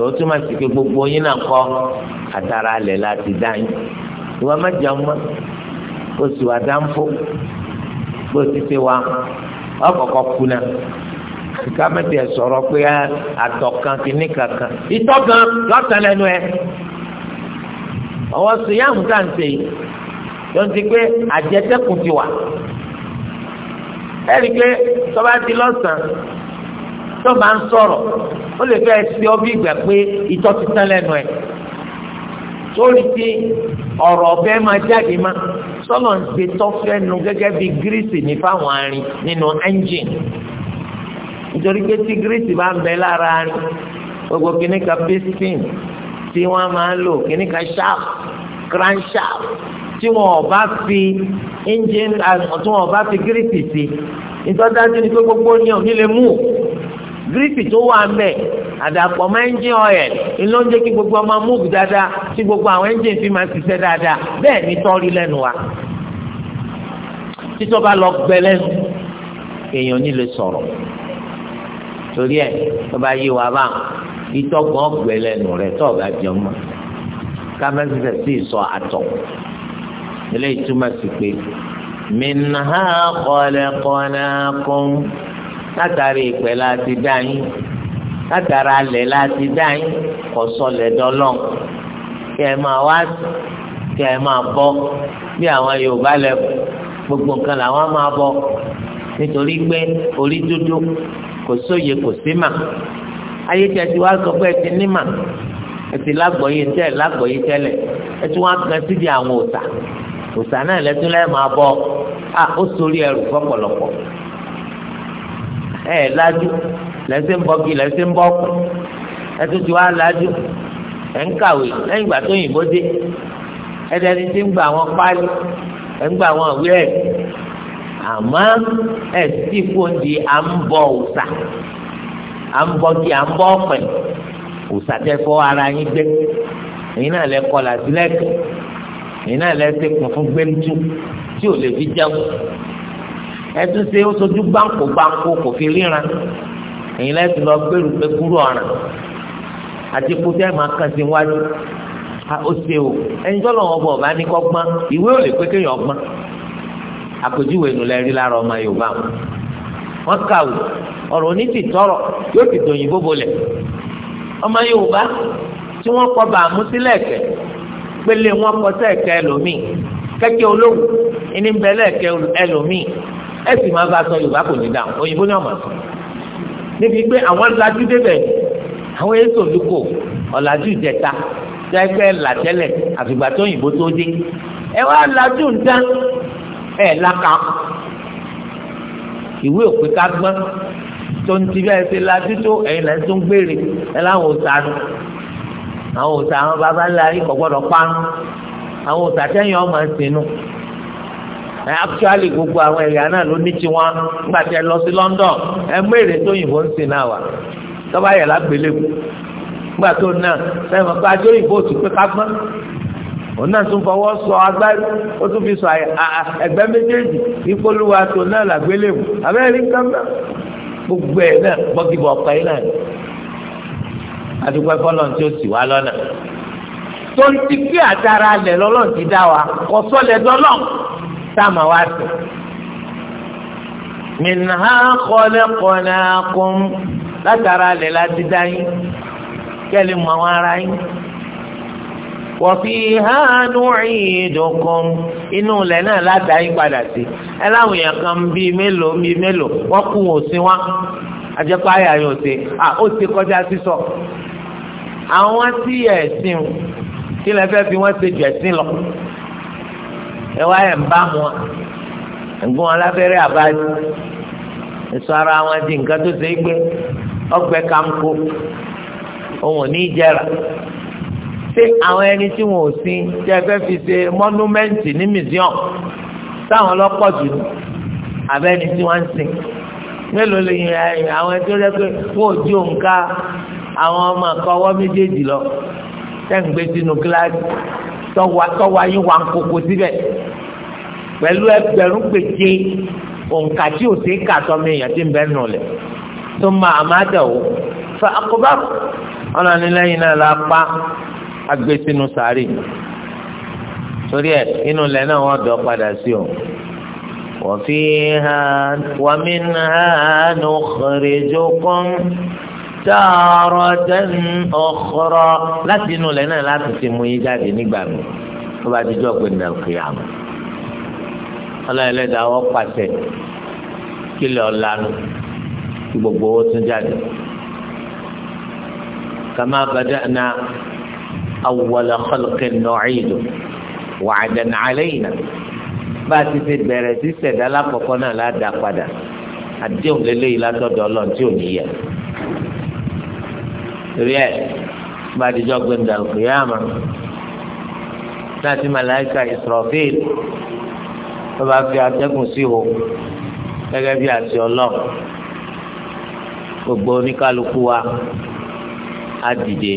tó o túmọ̀ sí pé gbogbo yín náà kọ́ àtàrà alẹ̀ láti dá yín ìwà má jẹun mọ́ o sì wà dáńfó bó o ti ṣe wa ọkọ̀ọ̀kọ̀ kuna kámẹ́tì ẹ̀ sọ̀rọ̀ pé àtọ̀kan kìíní kankan ìtọ́gan lọ́tàn lẹ́nu ẹ̀ ọwọ́ sọ yáàmù tá à ń ṣe yìí ló ń ti pé àjẹsẹ́kù ti wà ẹ̀rí pé tọ́ba ti lọ́sàn-án tó máa ń sọ̀rọ̀ ó lè fẹ́ ṣe ọ bí ìgbà pé ìtọ́ ti tán lẹ́nu ẹ̀ sórí tí ọ̀rọ̀ ọ̀fẹ́ máa jáde má sọ́nà ń ṣe tọ́fẹ́ nu gẹ́gẹ́ bí gírísì ní fáwọn arin nínú ẹ́ńjìn nítorí pé tí gírísì bá ń bẹ lára arin gbogbo kìnnìkan piston tí wọ́n máa ń lò kìnnìkan sharp crankshaft tí wọn bá fi engine tí wọn ò bá fi gírísì sí ìtọ́jú ni pé gbogbo ní òní lè mú gírísì tó wà ń bẹ̀ àdàpọ̀ mọ́ ẹ́ńjìn ọ̀yẹ̀ ló ń jẹ́ kí gbogbo ọmọ múùbù dáadáa tí gbogbo àwọn ẹ́ńjìn fi máa ṣiṣẹ́ dáadáa bẹ́ẹ̀ ni tọ́rí lẹ́nu wa títọ́ bá lọ gbẹ lẹ́nu èèyàn ní lè sọ̀rọ̀ torí ẹ̀ tó bá yé wa bá ìtọ́gbọ̀n gbẹ lẹ́nu rẹ̀ tó bá jẹun mọ́ kámẹ́sìtẹ̀ sì sọ àtọ̀ eléyìí túmọ̀ sí pé minha khalaqnakum látàrí ìpẹ́ láti dá yín látara alẹ̀ láti dá yín kọ̀sọ́lẹ̀ dọ́lọ́n kí ẹ máa wá kí ẹ máa bọ́ bí àwọn Yorùbá lẹ gbogbo nǹkan làwọn máa bọ́ nítorí pé orí dúdú kò sóye kò sí mà ayé tí a ti wá sọ pé ẹ ti ní mà ẹ ti lágbọ̀ọ́yé tẹ́ ẹ lágbọ̀ọ́yé tẹ́lẹ̀ ẹ ti wá kan síbi àwọn òòṣà òòṣà náà lẹ́tún lẹ́ẹ̀ máa bọ́ a ó sórí ẹrù fọ́pọ̀lọpọ̀ ẹ̀ lajú lẹ́sẹ̀ ń bọ́ kí lẹ́sẹ̀ ń bọ́ kù ẹtún ti wá lajú ẹ̀ ń kàwé lẹ́yìn ìgbà tó yìnbó dé ẹ̀dẹ́ni ti ń gba àwọn páálí ẹ̀ ń gba àwọn ìwé ẹ̀ àmọ́ ẹ̀ sì kó di à ń bọ òòṣà à ń bọ à ń bọ ọ̀pẹ̀ òòṣà tẹ fọ́ ara yín gbé ẹ̀yin náà lẹ kọlà sílẹ̀ ẹ̀yin náà lẹ ṣe kùn fún gbẹ́ntú tí ò lè fi jẹun. ẹtún ṣe ó sojú gbáǹkó gbáǹkó kò fi ríran èyí lẹ́sìn lọ gbèrú pé kúrò ọ̀ràn àti ikú tẹ́ máa kàn o ẹni tó lọ́wọ́ bọ̀ bá ní kọ́ gbọ́n ìwé ò lè pé kéèyàn gbọ́n àpèjúwe nù lẹ rí lára ọmọ Yorùbá wọn kàwé ọ̀rọ̀ oní ti tọrọ yóò ti dòyìn bóbo lẹ̀ ọmọ Yorùbá tí wọ́n sílẹ̀ pélé wọn kọ sẹ́ẹ̀kẹ́ ẹlòmíì kẹ́kẹ́ ẹni ẹ sì máa bá sọ yorùbá kò ní dáhùn òyìnbó ní ọmọ níbi pé àwọn lajú débẹ̀ àwọn èso olùkọ ọ̀làjú ìjẹta jẹ́gbẹ́ làtẹ́lẹ̀ àfìgbà tó òyìnbó tó dé ẹ wá lajú ńdá ẹ laka ìwé òpè ká gbọ́n tó ń ti bẹ́ẹ̀ ṣe lajú tó ẹ̀yìn lẹ́yìn tó ń gbére ẹ láwọn òsàánù àwọn òsàánù bàbá ńlá yìí kò gbọ́dọ̀ pa àwọn òsàtẹ́yìn ọmọ ẹ̀sìn nù ẹ actually gbogbo àwọn ẹ̀yà náà ló ní tiwọn nígbà tí ẹ lọ sí London ẹ mú èrè tó yìnbó ń sìn náà wà tọ́ba yẹ̀ lágbélébù nígbà tó náà sẹ́yìn mọ̀ pé ajó yìnbó ti pé kágbọ́n òun náà tún fọwọ́ sọ agbárí ó tún fi sọ ẹgbẹ́ méjèèjì ìpolówó ato náà làgbélébù abẹ́rẹ́ nǹkan náà gbogbo ẹ̀ náà bọ́gìbọ̀ ọ̀kan yìí náà adúgbò ẹ̀fọ́lọ́ tí ó sì wá lọ́nà tó ń ti fi àtàrà lẹ̀ lọ́lọ́ ti dá wa kò sọ́lẹ̀ dọ́lọ́ táàmà wá sí. minha khalaqnakum látara alẹ́ láti dá yín kẹ́lẹ́ mọ àwọn ara yín. wa fiha nu'idukum inú ilẹ̀ náà láti ayé padà sí ẹ láwọn èèyàn kan bíi mélòó bíi mélòó wọ́n kú wọn ò sí wọn àjẹpá ayà yóò ṣe à ó àwọn tí ẹ̀sìn kí lè fẹ́ fi wọ́n ṣe jù lọ ẹ wá ẹ̀ ń bá wọn ẹ̀gbọ́n wọn àbájú ẹ̀sọ́ ara wọn di nǹkan tó ṣe é gbé ọgbẹ́ kanko òun ò ní jẹrà ṣé àwọn ẹni tí wọn ò sin tí ẹ fẹ́ fi ṣe mọ́númẹ́ǹtì ní mìsíọ̀n táwọn ọlọ́pọ̀ jù ní abẹ́ni tí wọ́n ń sìn mélòó lè yẹn àwọn ẹni tó rẹ pé wọn ò jó nǹka àwọn ọmọ àkọwọ́ méjèèjì lọ tẹ́ ń gbé sínú kíláàsì tọwa tọwa yín wà ń koko síbẹ̀ pẹ̀lú ẹgbẹ̀rún gbèje òǹkà tí ò sí kà sọmọ èèyàn tí ń bẹ nù lẹ̀ tó máa àmàdà o fa akọba ọlọ́ni lẹ́yìn náà la pa agbésínú sáré torí ẹ inú lẹ náà wọ́n dọ̀ padà sí o wọ́n fi hàn wàmí hàn nù xèrè jókòó tààrọ̀tẹ́n ọ̀kọ́rọ̀ láti inú ilẹ̀ náà láti ti mú yín jáde nígbà mi tó bá ti jọ́ pé nàìjíríà mọ̀ ọlọ́ọ̀lẹ́dàá wọ́n pàṣẹ kílẹ̀ ọ̀lànà kí gbogbo owó tún jáde kàmá bada'na awwala khalqin nu'idu wa'dan 'alayna bá a ti fi bẹ̀rẹ̀ sí ṣẹ̀dá lákọ̀ọ́kọ́ náà ládàá padà àdéhùn lélẹ́yìí látọ̀dọ̀ ọlọ́run tí ò ní yẹ torí ẹ bá a dijọ́ gbé ndàlù kìyàmà náà tí màláìka Israfil tó bá fi atẹ́kùn sí ihò gẹ́gẹ́ bí àti ọlọ́ọ̀ gbogbo oníkálukú wa á dìde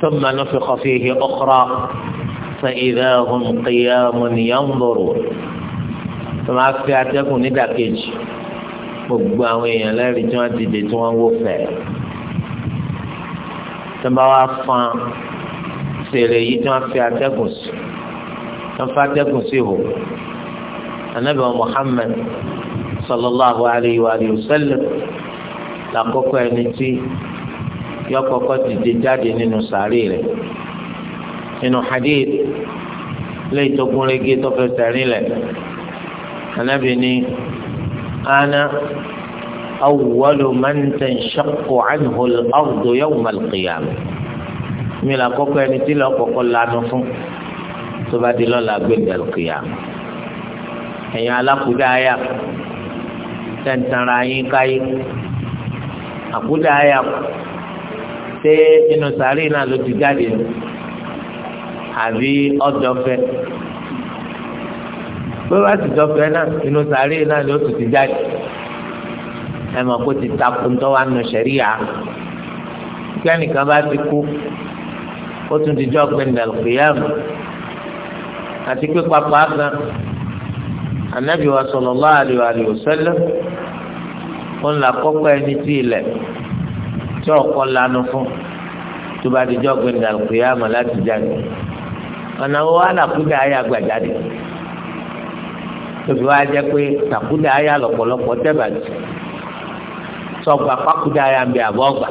ثم نفخ فيه أخرى فإذا هم قيام ينظرون ثم أفكار تكون إذا كيجي gbogbo àwọn èèyàn lẹ́rìí tí wọ́n dìde tí wọ́n wò fẹ́ tí wọ́n bá wá fan fèrè yìí tí wọ́n fi atẹ́gùn sí wọ́n fi atẹ́gùn sí hò anabi muhammed sallallahu alayhi wa sallam lakoko ẹni tí yọ kọ́kọ́ dìde jáde nínú sàárè rẹ̀ nínú hadith lẹ́yìn tó gúnrégé tó fẹsẹ̀ rìn lẹ̀ anabi ni. أنا أول من تنشق عنه الأرض يوم القيامة mi la kọ́kọ́ ẹni tí lọ kọ́kọ́ lanu fún tó bá di lọ́la gbẹ̀dẹ̀ lùkìyàmù ẹ̀yin alákùdáyà tẹ̀ntara yín káyé àkùdáyà ṣé inú sàárè náà ló ti jáde àbí ọ̀dọ́fẹ́ pé wá tìjọ fẹ́ náà inú sàárè náà ló tún ti jáde ẹ mọ̀ kó ti takò ń tọ́wọ́ àánú sẹ̀ríyà kí ẹnìkan bá ti kú ó tún ti jọ pé nàìjíríàm àti pé papọ̀ àgàn anabi wa sallallahu alaihi wa sallam wọn là kọ́kọ́ ẹni tí ilẹ̀ tí ọkọ lanu fún tó bá ti jọ pé nàìjíríàm láti jáde ọ̀nà wo wà lákúdà ayé àgbàjáde tóbi wá jẹ́ pé tàkúdà ayá lọ́pọ̀lọpọ̀ tẹ́bà jù sọgbà pákúdà ayá ń bẹ àbọ̀ ọgbà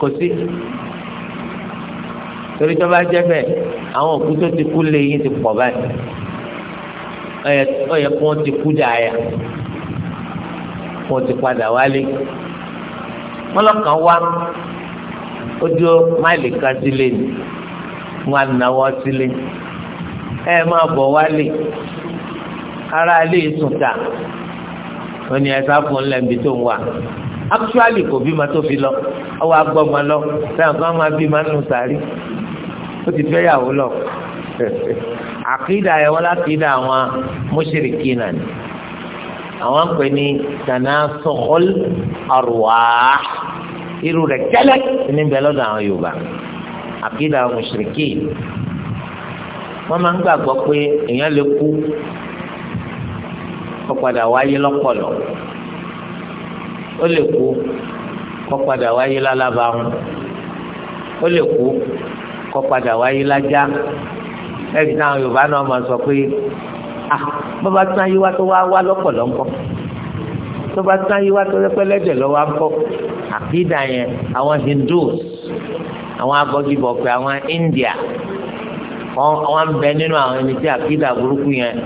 kò sí torí tó bá jẹ́ bẹ́ẹ̀ àwọn òkú tó ti kú lé yín ti pọ̀ báyìí ọyẹ kí wọ́n ti kú dàáyà wọ́n ti padà wálé mọ́lọ́kàn wá ó dúró máìlì kan sílé ni wọ́n á náwó sílé ẹ máa bọ̀ wálé ara ilé sùn ta ó ní fún lẹ́mbi tó ń wà actually kò bímọ tó fi lọ ọwọ́ agbọ́gbọ́n lọ sẹ́yìn kan máa bímọ nínú sàárì ó ti fẹ́ yàwó lọ àkídà yẹn wọ́n lákìdá àwọn mọ́ṣẹ́rìkì náà ni àwọn pè ní tanasukhul arwah irú rẹ̀ tẹ́lẹ̀ níbẹ̀ lọ́dọ̀ àwọn Yorùbá àkídà àwọn mọ́ṣẹ́rìkì máa ń gbàgbọ́ pé èèyàn lè kú kó padà wáyé lọ́pọlọ ó lè kú kó padà wáyé lálábàáhùn ó lè kú kó padà wáyé lájá ẹbí náà yorùbá náà máa sọ pé ah bàbá tún ayé wa tó wá wá lọ́pọlọ ńkọ́ tó bá tún ayé wa tó lẹ́pẹ́ lẹ́dẹ̀ lọ́wọ́ ńkọ́ àkídà yẹn àwọn hindus àwọn abọ́gibọ̀ pé àwọn india wọ́n ń bẹ nínú àwọn ẹni tí àkídà burúkú yẹn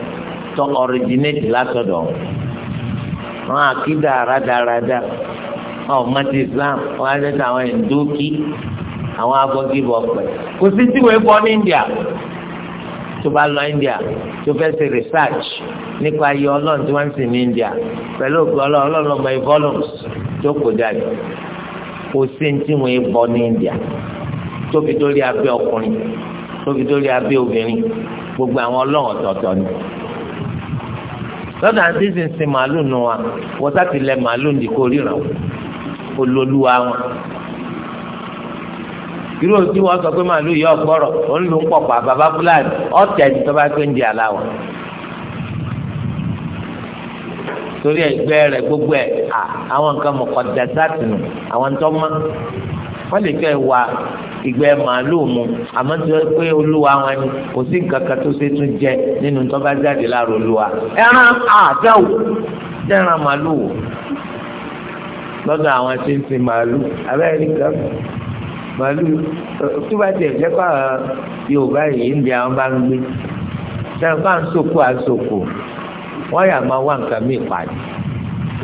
tó ọ̀rìjìnẹ́tì látọ̀dọ̀ wọn àkídà rádaràda ọmọ ti Islam wọn á tẹ́tẹ́ àwọn ìdókì àwọn abọ́gibọ̀ pẹ̀ kò sí tí wọ́n kọ́ ní India tó bá lọ India tó fẹ́ ṣe research nípa iye ọlọ́run tí wọ́n ń sìn ní India pẹ̀lú òkú ọlọ́run ọlọ́run ọmọ volumes tó kò jáde kò sí tí wọ́n bọ́ ní India tóbi dórí abẹ́ ọkùnrin tóbi dórí abẹ́ obìnrin gbogbo àwọn ọlọ́run ọ̀tọ̀ọ̀tọ̀ ni lọ́dọ̀ àti sì ń sin màálù nù wa wọ́n sáti lẹ màálù ní kò ríran olóluwa wọn. irú òsì wọn sọ pé màálù yọ ọgbọrọ ó ń lu ń pọpọ àbàbà fúlàní ọtí ẹni tó bá gbé ń di aláwọ. torí ẹgbẹ́ rẹ̀ gbogbo ẹ̀ àwọn nǹkan mọ̀kọ́ dẹ́sáàtì nù àwọn tó mọ́ wọ́n lè fẹ́ wà ìgbẹ́ màálùú mu àmọ́ tí wọ́n pé olúwa wọn ni kò sí nǹkan kan tó ṣe tún jẹ nínú tó bá jáde lára olúwa ẹran àdáwò dẹ́ran màálùú wò lọ́dọ̀ àwọn tí ń sin màálùú abẹ́rẹ́ nìkan màálùú tó bá tiẹ̀ jẹ́ pé àwọn Yorùbá yìí ń bí àwọn bá ń gbé sẹ́yìn bá ń sòkò à wọ́n yà máa wá nǹkan mí ìpàdé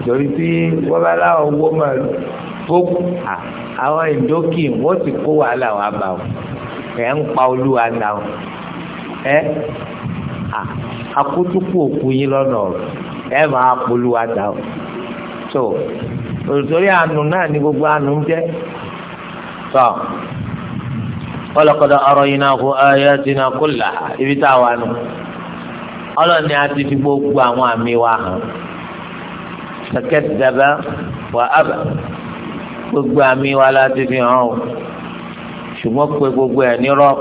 torí tí wọ́n bá láwọn owó màálùú tó à. àwọn ìdókì wọ́n ti kó wàhálà wà bá o ẹ̀ ń pa olúwa ta o akutuku òkú yín lọ́nà ọ̀rọ̀ ẹ̀ máa polúwa o so òtòrí àánú náà ni gbogbo àánú ń jẹ́ tọ́ ọlọ́kọ̀dọ̀ ọ̀rọ̀ yìí náà kó ayé ti náà kó là ibi tá a wà nù ti fi gbogbo àwọn àmì wa hàn kẹ̀kẹ́ ti gbogbo àmì wa la ti fi hàn o ṣùgbọ́n pé gbogbo ẹ̀ nírọ́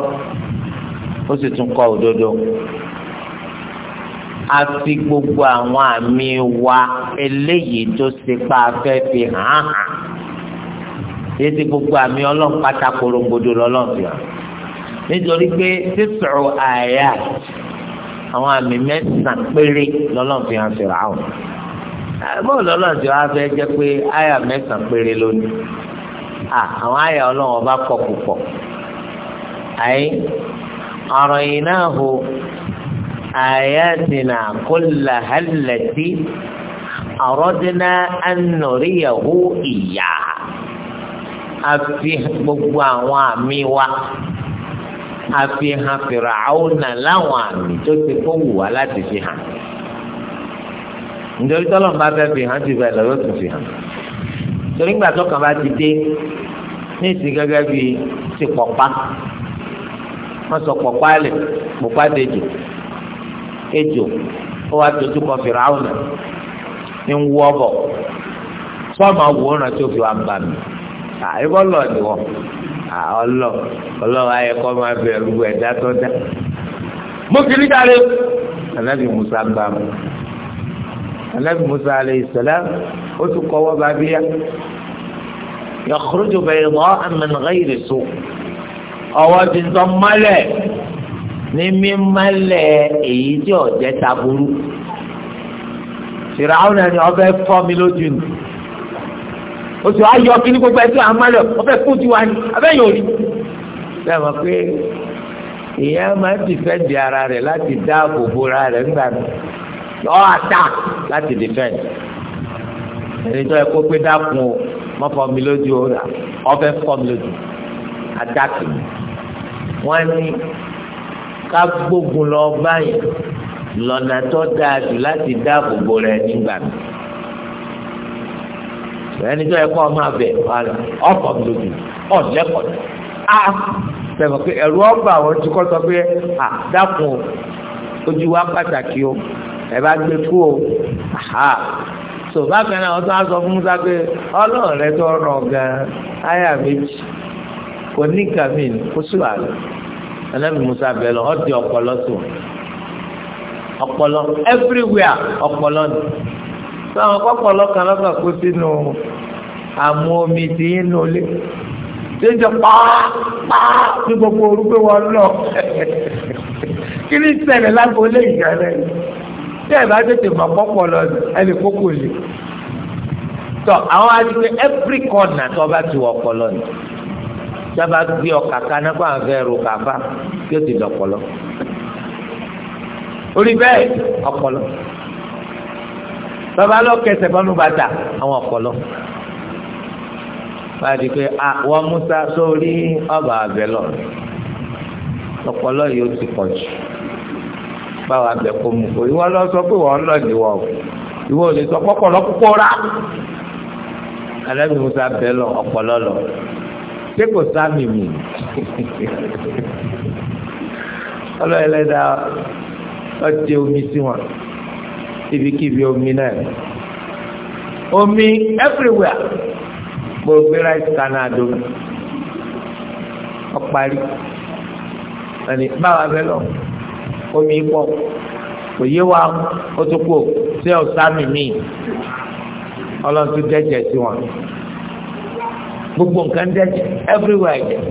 ó sì tún kọ òdodo a fi gbogbo àwọn àmì wa eléyìí tó ṣe pa afẹ́ fi hàn hàn yìí ti gbogbo àmì ọlọ́run pátákóró gbòdo lọ́lọ́run fi hàn nítorí pé sísọ̀rọ̀ àyà àwọn àmì mẹ́sàn-án péré lọ́lọ́run fi hàn sí ra àwọn bọ́ọ̀ lọ́lọ́dún wa fẹ́ jẹ́ pé àyà mẹ́sàn-án péré lónìí àwọn àyà ọlọ́run ọba kọ púpọ̀ àyè ọ̀rọ̀ yìí náà hù àyàtìnà kólà hàlẹ́tì àròdínà ànàríyàwó ìyá àfi gbogbo àwọn àmì wa àfihàn fìrà àwọn náà láwọn àmì tó ti kó wù wá láti fi hàn nítorí tọ́lọ̀ máa fẹ́ fi hàn ti fẹ́ lọ́wọ́ tó fi hàn torí gbà tó kàn bá ti dé ní ìsìn gẹ́gẹ́ bí ti pọ̀pá wọ́n sọ pọ̀pá lẹ̀ pọ̀pá dejò ejò ó wá dojú kọ fìràwọn ní ń wú ọbọ fọọmù àwòrán tó fi wá ń bà mí àyíkọ́ lọ ni wọ́n ọlọ ọlọ ayẹ kọ́ máa bẹ̀rù ẹ̀dá tó dá mo kiri dáre ànábì Musa ń bà mí anabi musa alayhi salam ó tún kọ́wọ́ bá bíyà yakhruju bayda'a min ghayri su' ọwọ́ ti tọ́ mọ́lẹ̀ ní mímọ́lẹ̀ èyí tí ọ̀jẹ̀ taburú fìràwọn ẹni ọbẹ̀ fọ́ mi lójú nù oṣù ayọ̀ kí ní gbogbo ẹjọ́ àmàlẹ̀ ọbẹ̀ kú ti wá ní abẹ́yẹ̀ òní. bẹ́ẹ̀ mọ̀ pé ìyá máa ń dìfẹ́ǹdì ara rẹ̀ láti dáàbò bo ara rẹ̀ ńgbà náà lọ́wọ́ ata láti defend ẹni tó yẹ kó pé dákun o mọ fọ mi lójú o ọfẹ fọ mi lójú adákì mi wọn ní ká gbógun lọ báyìí lọ́nà tó dáa jù láti dáàbò bo rẹ nígbà mi ẹni tó yẹ kó ọmọ abẹ ọfọ mi lójú ọ̀lẹ́kọ̀ọ́ sẹ̀mọ̀ pé ẹ̀rú ọgbà àwọn tí kò sọ pé à dákun ojú wa pàtàkì o ẹ bá gbé kú o ha so bákan náà wọ́n tún á sọ fún musa pé ọlọ́run rẹ tó rọ̀ gan-an áyà méjì kò ní kàmí kó sùn àlọ́ ẹlẹ́mi musa bẹ̀rẹ̀ lọ ọdí ọpọlọ tó ọpọlọ everywhere ọpọlọ ni sọ̀rọ̀ ọpọlọ kan lọ́kàn kó sínú àmú omi tí ń nù lé tí ń jẹ pàápàá ní gbogbo orúkọ wọn lọ kí ni ṣẹlẹ̀ lágbo lé ìgbà rẹ̀ tí ẹ̀ bá tètè mọ̀ pọ́pọ̀ lọ ẹ lè kókò lè tọ àwọn adigun every corner tó bá ti wọ ọpọlọ ni sábà gbé ọkà kaná kó àwọn fẹ́ ro kàfá kí o ti dọ̀pọ̀lọ orí bẹ́ẹ̀ ọpọlọ bàbá lọ kẹsẹ̀ bọ́nú bàtà àwọn ọpọlọ wọ́n á di pé wọ́n mú sa sórí ọba àbẹ̀lọ ọpọlọ yìí ó ti pọ̀ jù báwa bẹ̀ kó mu kó ìwọ lọ sọ pé wọ́n lọ ní wọ́n ìwọ ò lè sọ pọ́pọ́lọ́ púpọ̀ rà alẹ́mi musa bẹ́ẹ̀ lọ ọ̀pọ̀lọ́ lọ ṣé kò sáàmì mi ọlọ́ọ̀lẹ́dà ọtí omi sí wọn ibikíbi omi náà omi everywhere gbogbo rice canal domi ọ̀parí ẹni báwa bẹ́ẹ̀ lọ omi pọ̀ kò yé wa ó tó kú ṣé ọ̀sánmi mi ọlọ́run tó dẹ́jẹ̀ sí wọn gbogbo nǹkan dẹ́jẹ̀ everywhere jẹ̀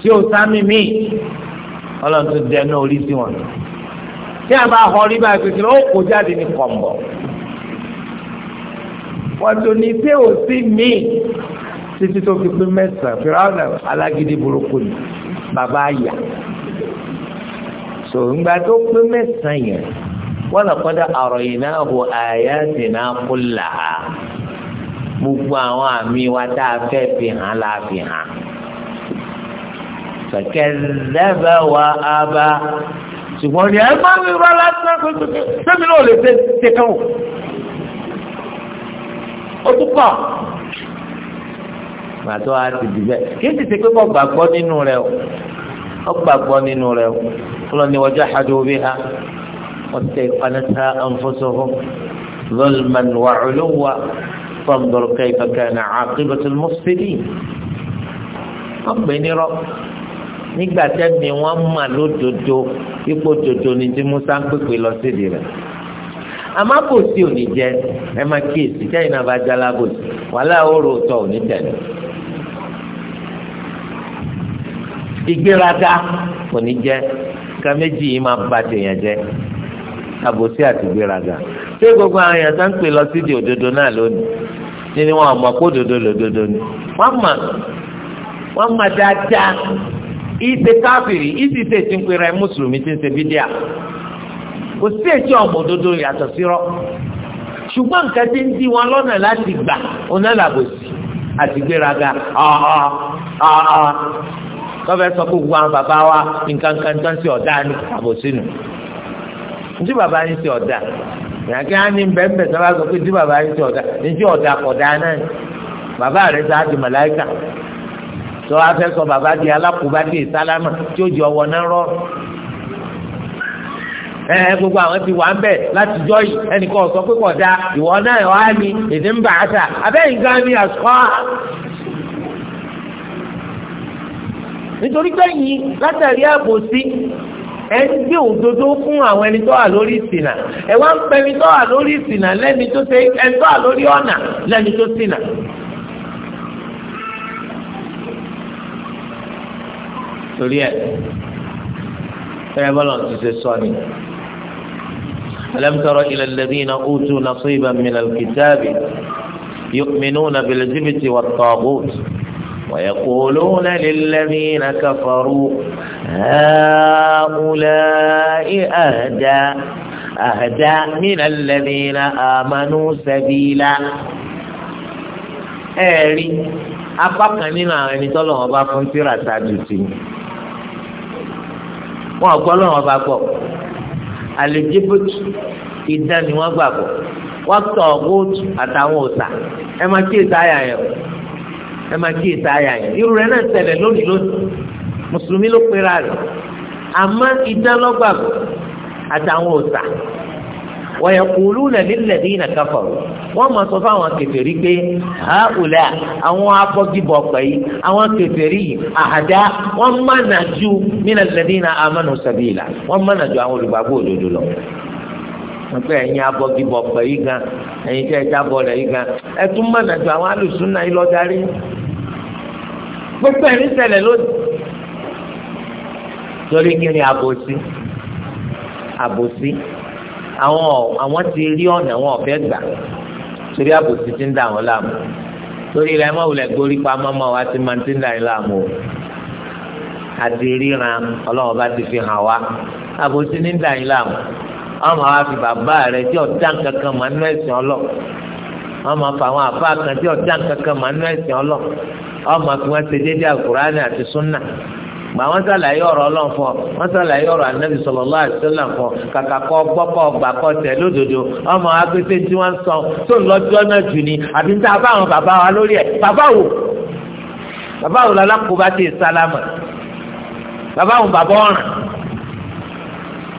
ṣé ọ̀sánmi mi ọlọ́run tó dẹ́ náà orí sí wọn tí a bá họ rí báyìí pé kí ló kó jáde ní kọ̀m̀bọ̀ wọ́n tó ní pé ò sí mi títí tó fi pín mẹ́sàn-án fìràwọ̀n alágídí burúkú ni bàbá àyà so ńgbà tó pé mẹ́sàn-án yẹn wọ́n lọ kọ́ da ọ̀rọ̀ yìí náà wò àyà sì náà kó là á gbogbo àwọn àmì wa tá a fẹ́ fi hàn la fi hàn kẹ̀kẹ́ lẹ́bẹ̀ wa á ṣùgbọ́n ní ẹ má wí rọ́lá tán sẹ́mi náà lè ṣe ṣe kàn ó ó tún kọ̀ màtọ́ á dìbẹ́ kí n ti ṣe pé kọ́ gbàgbọ́ nínú rẹ o ọgbàgbọ́ nínú rẹ̀ ọlọ́ni wajahadu biha wastayqanatha anfusuhum zulman wa uluwwan fanzur kayfa kana aqibatul mufsidin ọgbẹ́ nírọ́ nígbà tẹ́mi wọ́n mà lódodo ipò dodo ni tí musa ń pèpè lọ sídìí rẹ̀ àmọ́ àbòsí ò ní jẹ́ ẹ máa kíyèsí tẹ́yìn náà bá jẹ́ alábòsí wàhálà òórò tọ̀ ò tẹ̀lé. ìgbéraga kò ní jẹ́ ká méjì yìí máa ba tèèyàn jẹ́ àbòsí àti ìgbéraga ṣé gbogbo àwọn èèyàn tó ń pè lọ sídìí òdodo náà lónìí ní ni wọn mọ̀ pé òdodo lòdodo ni wọn mọ̀ wọn mọ̀ dáadáa ìṣe káfìrí ìṣe ṣe ti ń pera ẹ mùsùlùmí ti ń ṣe bídíà kò sí èsì ọmọ òdodo yàtọ̀ sírọ́ ṣùgbọ́n nǹkan ti ń di wọn lọ́nà láti gbà onílàbòsí àti ìgbéraga ọ̀ọ́ ọ̀ọ́ tọ́fẹ́ sọ pé gbogbo àwọn bàbá wa nǹkan kan tó ń ṣe ọ̀dà ni àbòsínú ntí bàbá yín ṣe ọ̀dà ìyàgé á ní bẹ́ẹ̀nbẹ́ẹ́ tó bá sọ pé ntí bàbá yín ṣe ọ̀dà ntí ọ̀dà kọ̀dà náà bàbá rẹ̀ sá di màláìkà tó wá fẹ́ sọ bàbá di alákòóbá di ìsálámà tí ó di ọwọ́ náà rọ ẹ gbogbo àwọn ti wà ń bẹ láti jọ yìí ẹnìkan sọ pé kọ̀dà ìwọ náà wà ní èdè ń bàtà abẹ́yìn gan ni àṣọ nítorí pé yìí látàrí àbòsí ẹ ń gbé òdodo fún àwọn ẹni tó wà lórí ìsìnà ẹ wá ń pẹ ẹni tó wà lórí ìsìnà lẹ́ni tó ṣe ẹni tó wà lórí ọ̀nà lẹ́ni tó ṣìnà. torí ẹ fẹ́rẹ́ bọ́lá ti ṣe sọ ni. ألم تر إلى الذين أوتوا نصيبا من الكتاب يؤمنون بالجبت والطاغوت ويقولون للذين كفروا هؤلاء أهدى أهدى من الذين آمنوا سبيلا أري apá kan nínú àwọn ẹni tọ́lọ̀ wọn bá fún tíra ṣáájú sí i wọn gbọ́ lọ́wọ́ bá gbọ́ àlejébótú ìdán ni àtàwọn òòṣà ẹ máa kí èsì àyà yẹn o ẹ máa kí èsì àyà yẹn irú rẹ̀ náà ṣẹlẹ̀ lónìí lónìí mùsùlùmí ló pera rẹ̀ àmọ́ ìdánlọ́gbàgbọ́ àtàwọn òòṣà wọ́yẹ̀ kúlú lẹ́lẹ́lẹ́dí iná káfọ̀rọ̀ wọ́n máa sọ fáwọn kèfèrí pé ha ùlẹ̀ àwọn abọ́gibọ̀ pẹ̀ yìí àwọn kèfèrí àhàdá wọ́n mánà ju mílẹ̀lẹ́dí iná amánú sàbíìlà wọ́n mánà ju àwọn olùgbàgbọ́ òdodo lọ pé ẹ̀yin abọ́gibọ̀ pẹ̀ yìí gan ẹ̀yin tẹ́ ẹ jábọ̀ rẹ̀ yìí gan ẹ tún mọ̀nà ju àwọn alùsùn náà yìí lọ darí gbogbo ẹ̀rí ṣẹlẹ̀ lónìí torí kí ni àbòsí àbòsí àwọn àwọn ti rí ọ̀nà wọn ọ̀fẹ́ gbà torí àbòsí ti ń dà wọ́n láàmú torí ilẹ̀ mọ̀wulẹ̀ gbórí pamọ́ mọ́ wa ti máa ti ń dà yín láàmú o àti ríran ọlọ́wọ́n bá ti fi hàn wá àbòsí ní ń dà yín láàmú àwọn máa fi bàbá rẹ tí ọ̀dá kankan máa nú ẹ̀sìn ọlọ wọ́n máa fa àwọn àfa kan tí ọ̀dá kankan máa nú ẹ̀sìn ọlọ wọ́n máa fi wọ́n ṣe déédéé àkùránì àti súnà gbà wọn sàlàyé ọ̀rọ̀ Ọlọ́run fún ọ wọn sàlàyé ọ̀rọ̀ anabi sallallahu alaihi wasallam fún ọ kàkà kọ gbọkọ gbà kọ tẹ lódodo ọmọ agbésẹ tí wọn sọ tó ń lọjọ náà jù ní àbí níta bá àwọn bàbá wa lórí ẹ bàbá wò bàbá wò lọlá kó bá ti sálámà bàbá wò bàbá ọ̀ràn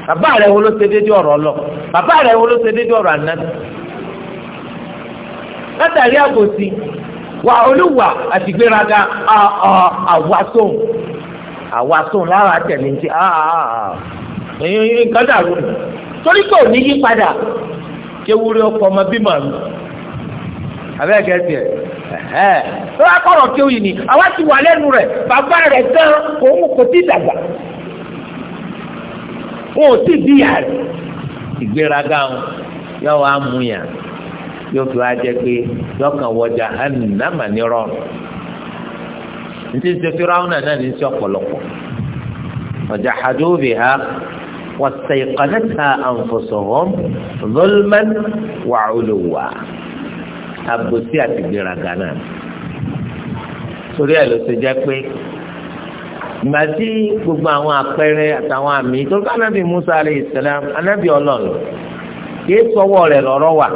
bàbá rẹ̀ wo ló ṣe déédéé lọ bàbá rẹ̀ wo ló ṣe déédéé ọ̀rọ̀ ànábì látàrí àbòsí wà olúwa àtìgbéraga awa àwàsóhùn lára tẹ̀lé ti nǹkan dàrú ni torí pé òní yí padà kéwúrẹ́ ọkọ̀ ọmọ bímọ mi abẹ́ẹ̀kẹ́ tiẹ̀ ẹ̀ẹ́ kéwì ni àwa ti wà lẹ́nu rẹ̀ bàbá rẹ̀ gan òun kò wọn ò tí ì bí yàrá ìgbéraga wọn yóò wá mú yàn yóò fi wá jẹ pé yóò kàn wọ jahannama ní rọrùn ntí ṣe firawuna náà ní sí ọ̀pọ̀lọpọ̀ wajahadu biha wastayqanatha anfusuhum zulman wa uluwa àbòsí àti ìgbéraga náà torí ẹ̀ ló ṣe jẹ́ pé ìgbà tí gbogbo àwọn àpẹẹrẹ àtàwọn àmì tó ká anábì Musa alayhi salam anábì ọlọ́run kìí sọwọ́ rẹ̀ lọ́rọ́ wà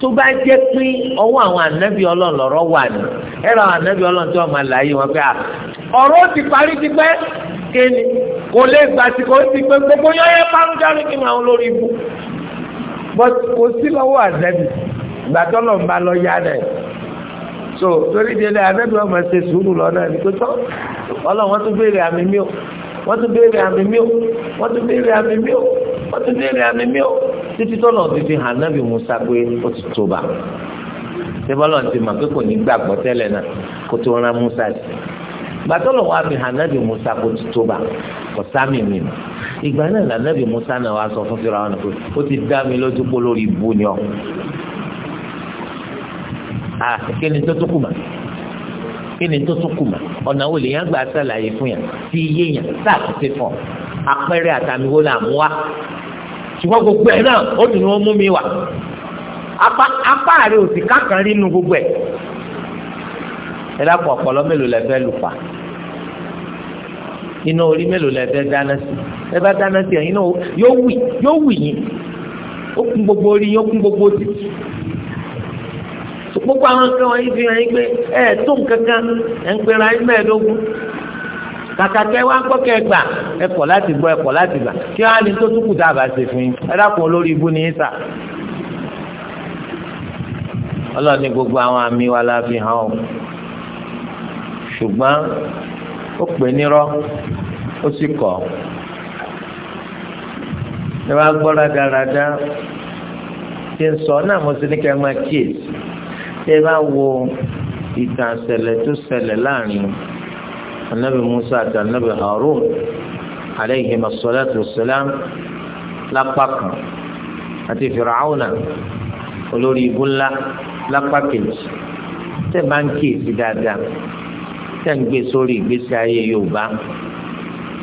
tó bá jẹ́ pé ọwọ́ àwọn anábì ọlọ́run lọ́rọ́ wà ní ẹ̀rọ àwọn anábì ọlọ́run tí wọ́n máa láàyè wọn pé ọ̀rọ̀ ti parí ti pẹ́ kéènì kò lè gbà tí kò ti pé gbogbo yẹn yẹn bá ń darí kí màá lórí ibú bọ́t kò sí lọ́wọ́ anábì ìgbà tó lọ́n bá lọ yá náà so torí délé anábì ọmọ ṣe sùúrù lọ́nà ẹni tó tọ́ ọlọ́run wọ́n tún béèrè àmì mí o wọ́n tún béèrè àmì mí o wọ́n tún béèrè àmì mí o wọ́n tún béèrè àmì mí o títí tọ́lọ̀ fífi hànábì musa pé ó ti tó bá tẹ́bọ́lọ̀ ti mà pé kò ní gbàgbọ́ tẹ́lẹ̀ náà kó tó rán musa sí gbàtọ́lọ̀ wa fi hànábì musa kó ti tó bá kò sámi mi mọ́ ìgbà náà lànábì musa náà wá sọ fún fìràwọn pé ó ti dá mi lójú pé lórí ibú à kí ni tó tó kù mà kí ni tó tó kù mà ọ̀nà wo lè yàn gbà sàlàyé fún yàn tí iye yàn sáà ti ṣe fún ọ àpẹẹrẹ àtàmì wo là ń wá ṣùgbọ́n gbogbo ẹ̀ náà ó dùn ní wọ́n mú mi wà apá apá rẹ ò sì kákan rí nu gbogbo ẹ̀ ẹ dákun ọ̀pọ̀lọ́ mélòó lẹ fẹ́ lù pa iná orí mélòó lẹ fẹ́ dáná sí ẹ bá dáná sí ẹ yóò wì yóò wì yín ó kún gbogbo orí yín kún gbogbo títì gbogbo àwọn nǹkan wọ̀nyí fi hàn yín pé ẹ tó nǹkan kan ẹ ń pera yín mẹ́ẹ̀ẹ́dógún kàkà kẹ wá gbọ́ kẹ gbà ẹ kọ̀ láti gbọ́ ẹ kọ̀ láti gbà kí wọ́n á ní tó túkù dábàá ṣe fún yín ẹ dákun olórí ibú ní sà. ọlọ́ọ̀ni gbogbo àwọn àmì wa la fi hàn ọ́ ṣùgbọ́n ó pè nírọ́ ó sì kọ̀ ẹ wá gbọ́ rádaràda tí ń sọ náà mo sì ní kẹ́ máa kíyèsí tẹ́ bá wo ìtàn ṣẹlẹ̀ tó ṣẹlẹ̀ láàrin anabi musa àti anabi harun aleyhi masalatu salam lápá kan àti fìràwùnà olórí ibú ńlá lápá kejì tẹ́ bá ń kíyèsí dáadáa tẹ́ ń gbé sórí ìgbésí ayé yorùbá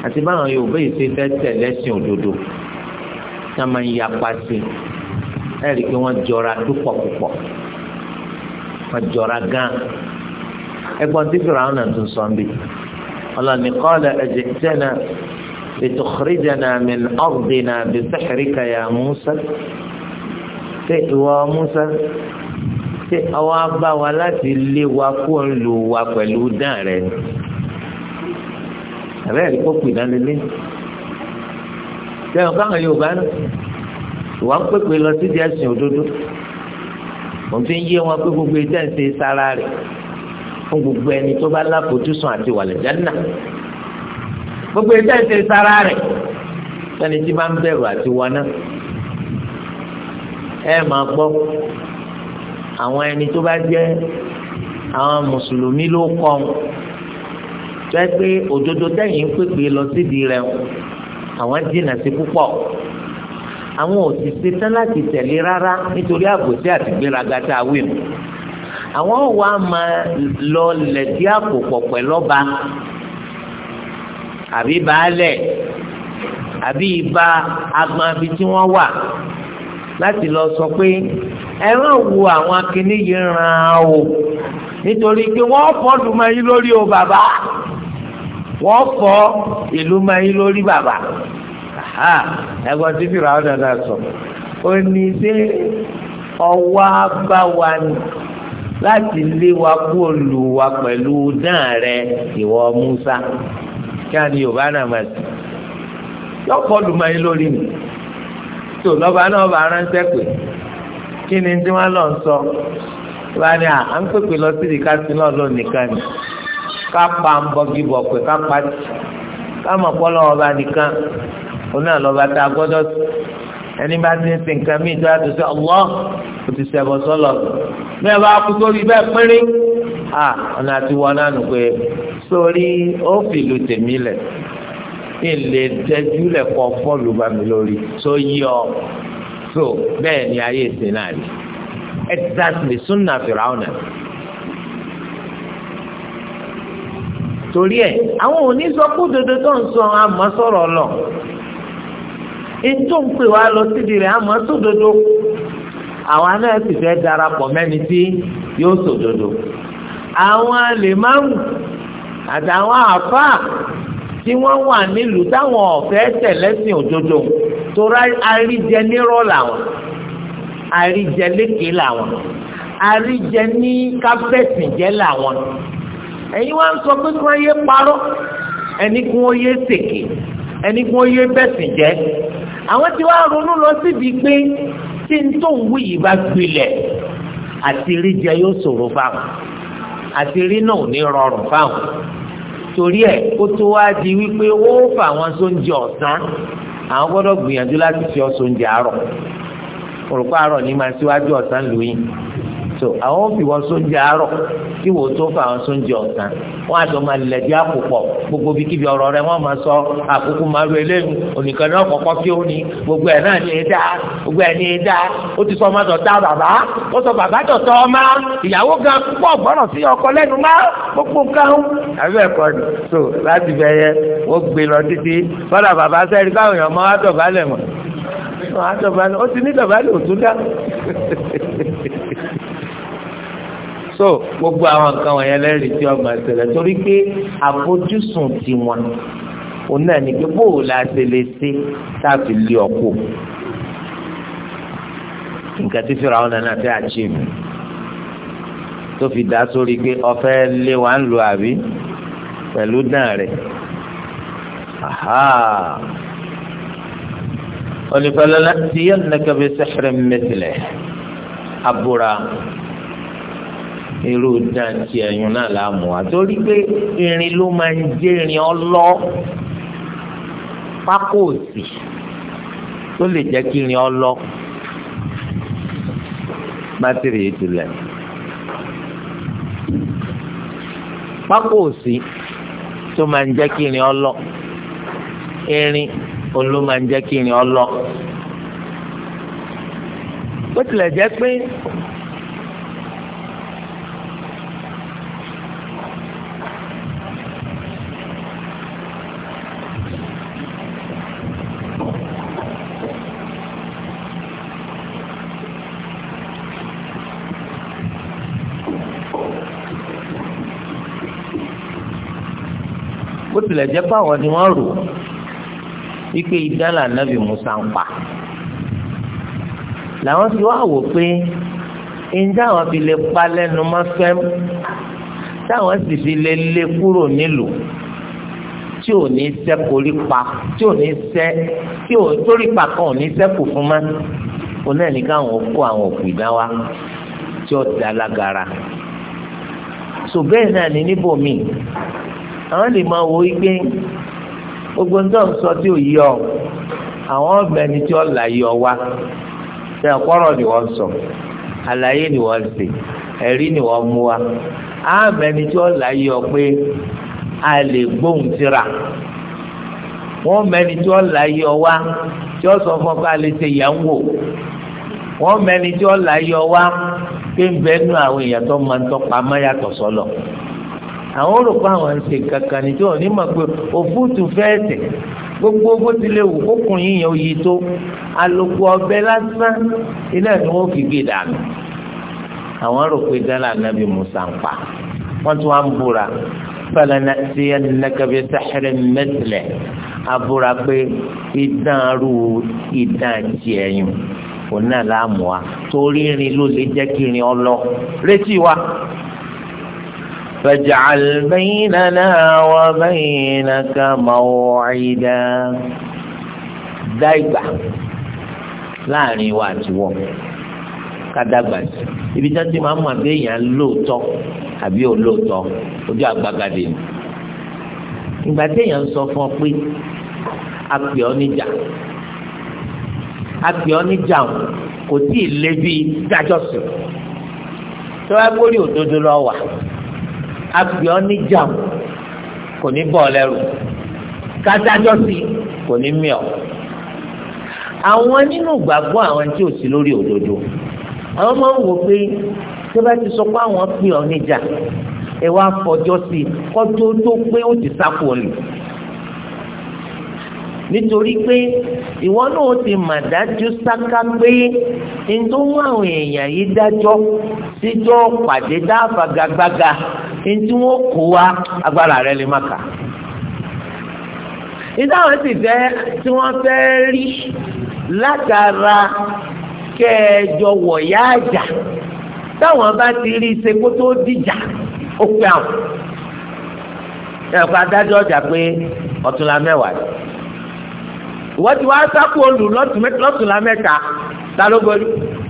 àti báwọn yorùbá yìí ṣe fẹ́ tẹ̀lé ẹ̀sìn òdodo tá máa ń yapa sí ẹ̀rí pé wọ́n jọra dúpọ̀ púpọ̀ wọ́n jọra gan ẹgbọ́n tí fìràwọn náà tún sọ bí ọlọ́ni qala aj'tana litukhrijana min ardina bisihrika ya Musa ṣé ìwọ Musa ṣé àwa bá wa láti lé wa kó ń lu wa pẹ̀lú dán rẹ ni àbẹ́ ẹ̀rí kókò ìdánilé ọ̀gá àwọn Yorùbá ìwà ń pèpè lọ sí di ẹ̀sìn òdodo òfin yé wọn pé gbogbo etí ẹ̀ ń ṣe sára rẹ̀ fún gbogbo ẹni tó bá láfojúsùn àti wàlẹ̀ jẹ́nà gbogbo etí ẹ̀ ń ṣe sára rẹ̀ sẹ́ni tí bá ń bẹ̀rù àti wọná ẹ máa gbọ́ àwọn ẹni tó bá jẹ́ àwọn mùsùlùmí ló kọ́ ọ́n tó pé òdodo dẹ́yìn pépè lọ sídìí rẹ̀ àwọn jìnnà sí púpọ̀ àwọn ò sì ṣetán láti tẹ̀lé rárá nítorí àbòsí àti gbéraga tá a wí mu àwọn wa máa lọ lẹ̀dí àpòpọ̀ pẹ̀lú ọba àbí baálẹ̀ àbí ibà agbọn abi tí wọ́n wà láti lọ sọ pé ẹ má wo àwọn akíní yìí ràn o nítorí pé wọ́n fọ́ọ̀dù máa yín lórí o bàbá wọ́n fọ́ ìlú yín lórí bàbá ẹgbọ́n tí fìrà ọ̀dà náà sọ ó ní ṣé ọwọ́ bá wa ni láti lé wa kú olùwà pẹ̀lú dán rẹ ìwọ Musa kí á ní Yorùbá náà máa sì lọ́pọ̀ lùmọ̀ yín lórí mi tó lọ́ba náà bá ránṣẹ́ pé kí ni tí wọ́n lọ sọ wá ní à ń pèpè lọ sí ìdíkà sí náà lọ nìkan ni ká pa ń bọ́gí bọ̀ pé ká pa tì ká mọ̀ pọ́ lọ́wọ́ bá nìkan òun náà lọ́ba tá a gbọ́dọ̀ ẹni bá ti ń sin nǹkan mí tó yàtọ̀ sí ọlọ́ kò ti sẹ̀bọ̀ sọ́lọ̀ bẹ́ẹ̀ bá kú sórí bẹ́ẹ̀ péré à ọ̀nà àti wọn náà nù pé sórí ó fìlù tèmi lẹ̀ kí n lè dẹ́jú lẹ̀ kọ́ bá mi lórí tó yí ọ so bẹ́ẹ̀ ni ayé ìsìn náà rí exactly sunna fìràwọ̀nà. torí ẹ àwọn òní sọ kó dodo tó ń sọ àmọ́ sọ̀rọ̀ lọ ètò ń pè wá lọ síbi rẹ̀ àmọ́ sódodo àwa náà sì fẹ́ darapọ̀ mẹ́ni tí yóò sòdodo àwọn lèmáàmù àtàwọn àfáà tí wọ́n wà nílùú táwọn ọ̀fẹ́ tẹ̀lẹ́sìn òdodo torí àríjẹ nírọ̀ làwọn àríjẹ lékè làwọn àríjẹ ní káfẹ́sìn jẹ́ làwọn ẹ̀yin wá ń sọ pé kí wọ́n yé parọ́ ẹni kí yé ṣèké ẹni kí wọ́n yé bẹ́sìn jẹ́ àwọn tí wàá ronú lọ síbi pé tí n tó ń wí yìí bá gbilẹ̀ àti rí jẹ yóò ṣòro fáwọn àti rí náà ò ní rọrùn fáwọn torí ẹ̀ kó tó wá di wípé ó fà wọn sóúnjẹ ọ̀sán àwọn gbọ́dọ̀ gbìyànjú láti fi ọ sóúnjẹ àárọ̀ òrùkọ àárọ̀ ní máa síwájú ọ̀sán lóyún so àwọn fi wọn sóúnjẹ àárọ̀ kí wò tó fa àwọn sóúnjẹ ọ̀sán wọn àti ọmọ alẹbi àpòpọ gbogbo bí kíbi ọ̀rọ̀ rẹ̀ wọn máa sọ àkókò máa ru eléyìí onìkan náà kọ́kọ́ kí ó ní gbogbo ẹ náà ní í dá gbogbo ẹ ní í dá ó ti sọ ọmọ dọ̀tá bàbá ó sọ bàbá dọ̀tá ọmọ ìyàwó gan púpọ̀ gbọ́rọ̀ sí ọkọ lẹ́nu má gbogbo nǹkan àbí ẹ̀kọ́ ni so láti bẹ̀ yẹ ó gbé lọ títí fọdà bàbá sẹ́ni káwọn èèyàn máa dọ̀bálẹ̀ mọ́ àdọ̀bálẹ̀ ó ti ní dọ̀bálẹ̀ òtún dá so gbogbo àwọn nǹkan wọ̀nyẹn lẹ́rìí tí ọgbà ìṣẹ̀lẹ̀ torí pé àfojúsùn tiwọn òun náà ní pé bóò la ṣe lè ṣe táàfin lé ọkọ nǹkan tí fìrà ọ̀nà náà fẹ́ àchíìmù tó fi dá sórí pé ọ̀fẹ́ lé wa ń lo àbí pẹ̀lú dàn rẹ̀ onífẹ́lẹ́ láti yẹn nàkàbẹ́sẹ̀ rẹ̀ mẹ́tìlẹ̀ abúra irú dantí ẹ̀yún náà la mú wa torí pé irin ló máa ń jẹ́ irin ọlọ́ pákó òsì tó lè jẹ́ kí irin ọlọ́ bátìrì yìí ti pákó òsì tó máa ń jẹ́ kí irin ọlọ́ irin olú máa ń jẹ́ kí irin ọlọ́ bó tilẹ̀ jẹ́ pé tilẹ̀ jẹ́ báwọn ni wọ́n rò wípé idán nàbì Musa ń pa làwọn ti wá wò pé ǹjẹ́ àwọn fi lè pa lẹ́nu mọ́ fẹ́m táwọn sì fi lè lé kúrò nílùú tí ò ní sẹ́ korípa tí ò ní sẹ́ tí ò torípa kan ò ní sẹ́ kù fún mọ́ òun náà ní káwọn kó àwọn òkú idán wá tí ó da lágara so náà ní níbòmíì àwọn lè máa wo igbe gbogbo ń tọ́ ń sọ tí ò yí ọ àwọn ọ̀gbẹ́ni tí ó là yí ọ wá ṣe àkọ́rọ̀ ni wọ́n sọ àlàyé ni wọ́n ṣe ẹ̀rí ni wọ́n mú wa àmẹ́ni tí ó là yí ọ pé a lè gbóhùn síra wọ́n mẹ́ni tí ó là yí ọ wá tí ó sọ fún ọ pé a lè ṣe yẹn wò wọ́n mẹ́ni tí ó là yí ọ wá pé ń bẹ́ẹ̀ nú àwọn èèyàn tó máa ń tọ́ pamọ́ yàtọ̀ So àwọn rò pé àwọn ń ṣe kankan ní tí wọn ní mọ̀ pé òfúùtù fẹ́ẹ̀tẹ̀ gbogbo bó ti lè wù kókùn yín yẹn oyè tó àlòkù ọbẹ̀ lásán iná ni wọ́n fi gbé dànù àwọn rò pé gánà nàbì Musa ń pa wọ́n tún wá ń búra falana ti ẹnìkanbi sahara mẹtìlẹ abúra pé idán arú idán tiẹ̀ yìí òun náà láàmú wa torí irin ló lè jẹ́ kí irin ọ lọ rétí wa. فاجعل بيننا وبينك موعدا دايبا لا wa àti wọn kádàgbà sí ibi tí wọn ti máa ń mọ àbí èèyàn lóòótọ́ àbí olóòótọ́ ojú àgbàgàdé ni ìgbà tí èèyàn ń sọ fún ọ pé a pè ọ níjà a pè ọ níjà kò tí ì lé bí dájọ́ sùn tí wọn gbórí òdodo lọ wà agbèọ́ níjà kò ní bọ̀ lẹ́rù kájájọ́ sí kò ní mìọ́ àwọn nínú gbàgbọ́ àwọn tí ò sí lórí òdodo àwọn máa ń wò pé tí wọ́n bá ti sọ pé àwọn pè ọ́ níjà ẹ wá fọjọ́ sí kọ́jọ́ tó pé ó ti sáfò lù nítorí pé ìwọ náà ti mà dájú sáká pé ntó ń àwọn èèyàn yìí dájọ́ síjọ́ pàdé dáfàgàgbàgà ntí wọ́n kó wa agbára rẹ lè má kà ìdáhùn sì fẹ́ tí wọ́n fẹ́ rí látara kẹjọ wọ̀yá àjà táwọn bá ti rí i ṣe kó tó dìjà ó pẹ́ àwọn ẹ̀ka adájọ́ ọjà pé ọ̀túnla mẹ́wàá yìí wọ́n ti wá sákò olù lọ́tùnlá mẹ́ta ta ló borí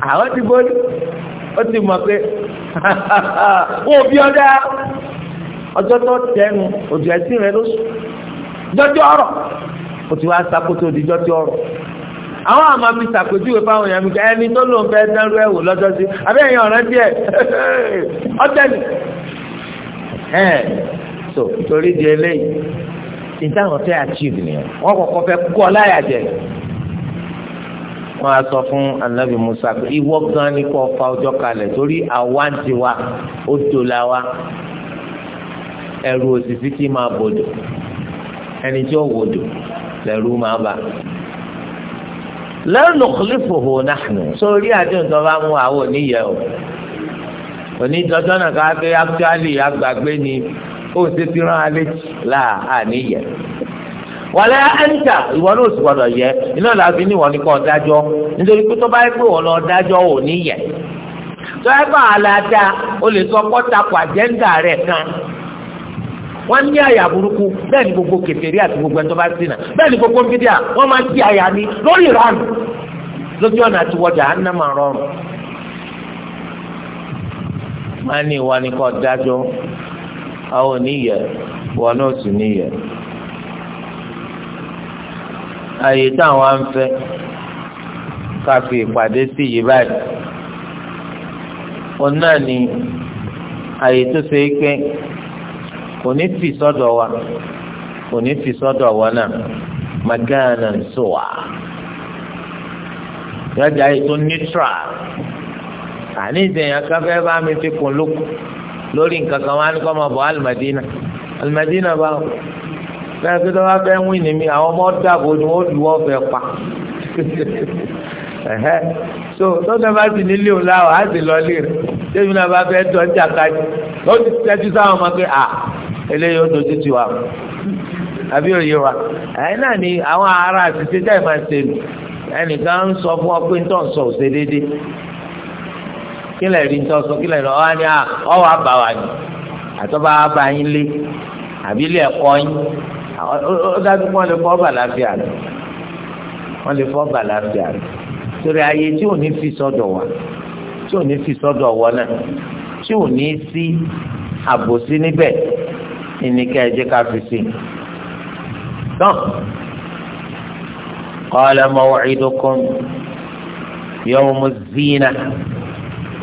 àwọn ti borí ó ti mọ̀ pé wọ́n bí ọjà ọjọ́ tó tẹnu òjò ẹ̀sìn rẹ lóṣù jọjọ́ ọ̀rọ̀ ó ti wá sákò tó di jọjọ́ ọ̀rọ̀ àwọn àmà mi ṣàpèjúwe fáwọn èèyàn mi kẹ ẹni tó lòun fẹ́ dánrú ẹ̀wò lọ́jọ́ sí abẹ́yẹn ọ̀rẹ́ díẹ̀ ọ̀tẹ́ni so torí di ìtàwọn fẹ́ achieve nìyẹn wọ́n kọ́kọ́ fẹ́ kọ́ láyà jẹ wọ́n á sọ fún anabi musa pé ìwọ gan ni kò fa ọjọ́ kalẹ̀ torí àwa ń tiwa ó dola wa ẹrù òsìsì tí máa bodò ẹni tí ó wodò lẹ́rù máa bà lẹ́rù lọ́kùlẹ́fòhò náà sórí àdéhùn bá mú àwọn oníyẹ̀ o onídọ́jọ́ náà ká pé actually agbàgbé ni. ó ṣe ti rán alẹ́ láà àníyẹ wàlẹ́ ẹ̀ńtà ìwọ náà sì gbọdọ̀ yẹ iná làbí níwọ̀n ní kọ́ dájọ́ nítorí pé tó bá pé wọ́n lọ dájọ́ ò ní yẹ tó o lè sọ pọ́tàkù àjẹ́ńdà rẹ̀ kan wọ́n ní àyà burúkú bẹ́ẹ̀ ni gbogbo kẹfẹ́rí àti gbogbo bá bẹ́ẹ̀ ni gbogbo mídíà wọ́n máa ti àyà ni lórí àti wọjà á ná àwọn oníyẹ wọn náà sì níyẹ. àyè táwọn á ń fẹ́ ká fi ìpàdé sí yìí báyìí òun náà ni àyè tó ṣe é pé kò ní fi sọ́dọ̀ wa kò ní fi sọ́dọ̀ wa náà magana soa yọjà ètò neutral àní ìdèyàn kan fẹ́ bá mi fi kún lóko lórí nǹkan kan wọn á ní kọ́ máa bọ̀ alimadina alimadina bá wọn bẹ́ẹ̀ kí wọ́n fẹ́ wí ní mi àwọn ọmọ dàbò ni wọ́n lù wọ́n fẹ́ pa so tọ́jà bá ti nílé o láwọ̀ á sì lọ lé rẹ̀ débi náà bá fẹ́ tọ́ jàkájì ó ti tẹ́tí sáwọn ọmọ pé à eléyìí ó dojú ti wà àbí òye wa ẹ̀yin náà ni àwọn ará àti ṣe jẹ́ ìmáa ṣe nù ẹnìkan ń sọ fún ọ pé ń tọ́ ń sọ òṣèdédé kílẹ̀ rí ń tọ́sọ kílẹ̀ rí ọ́ ni ọ́ wà wa ni àtọ́ba bá yín lé àbí ilé ẹ̀kọ́ yín ó dájú pé wọ́n lè fọ́ bàlàfíà rẹ̀ wọ́n lè fọ́ bàlàfíà rẹ̀ torí ayé tí ò ní fi sọ́dọ̀ wa tí ò ní fi sọ́dọ̀ wọ náà tí ò ní sí àbòsí níbẹ̀ ìníkẹ́ ẹ̀jẹ̀ ká fi sí i. tán qala maw'idukum yawm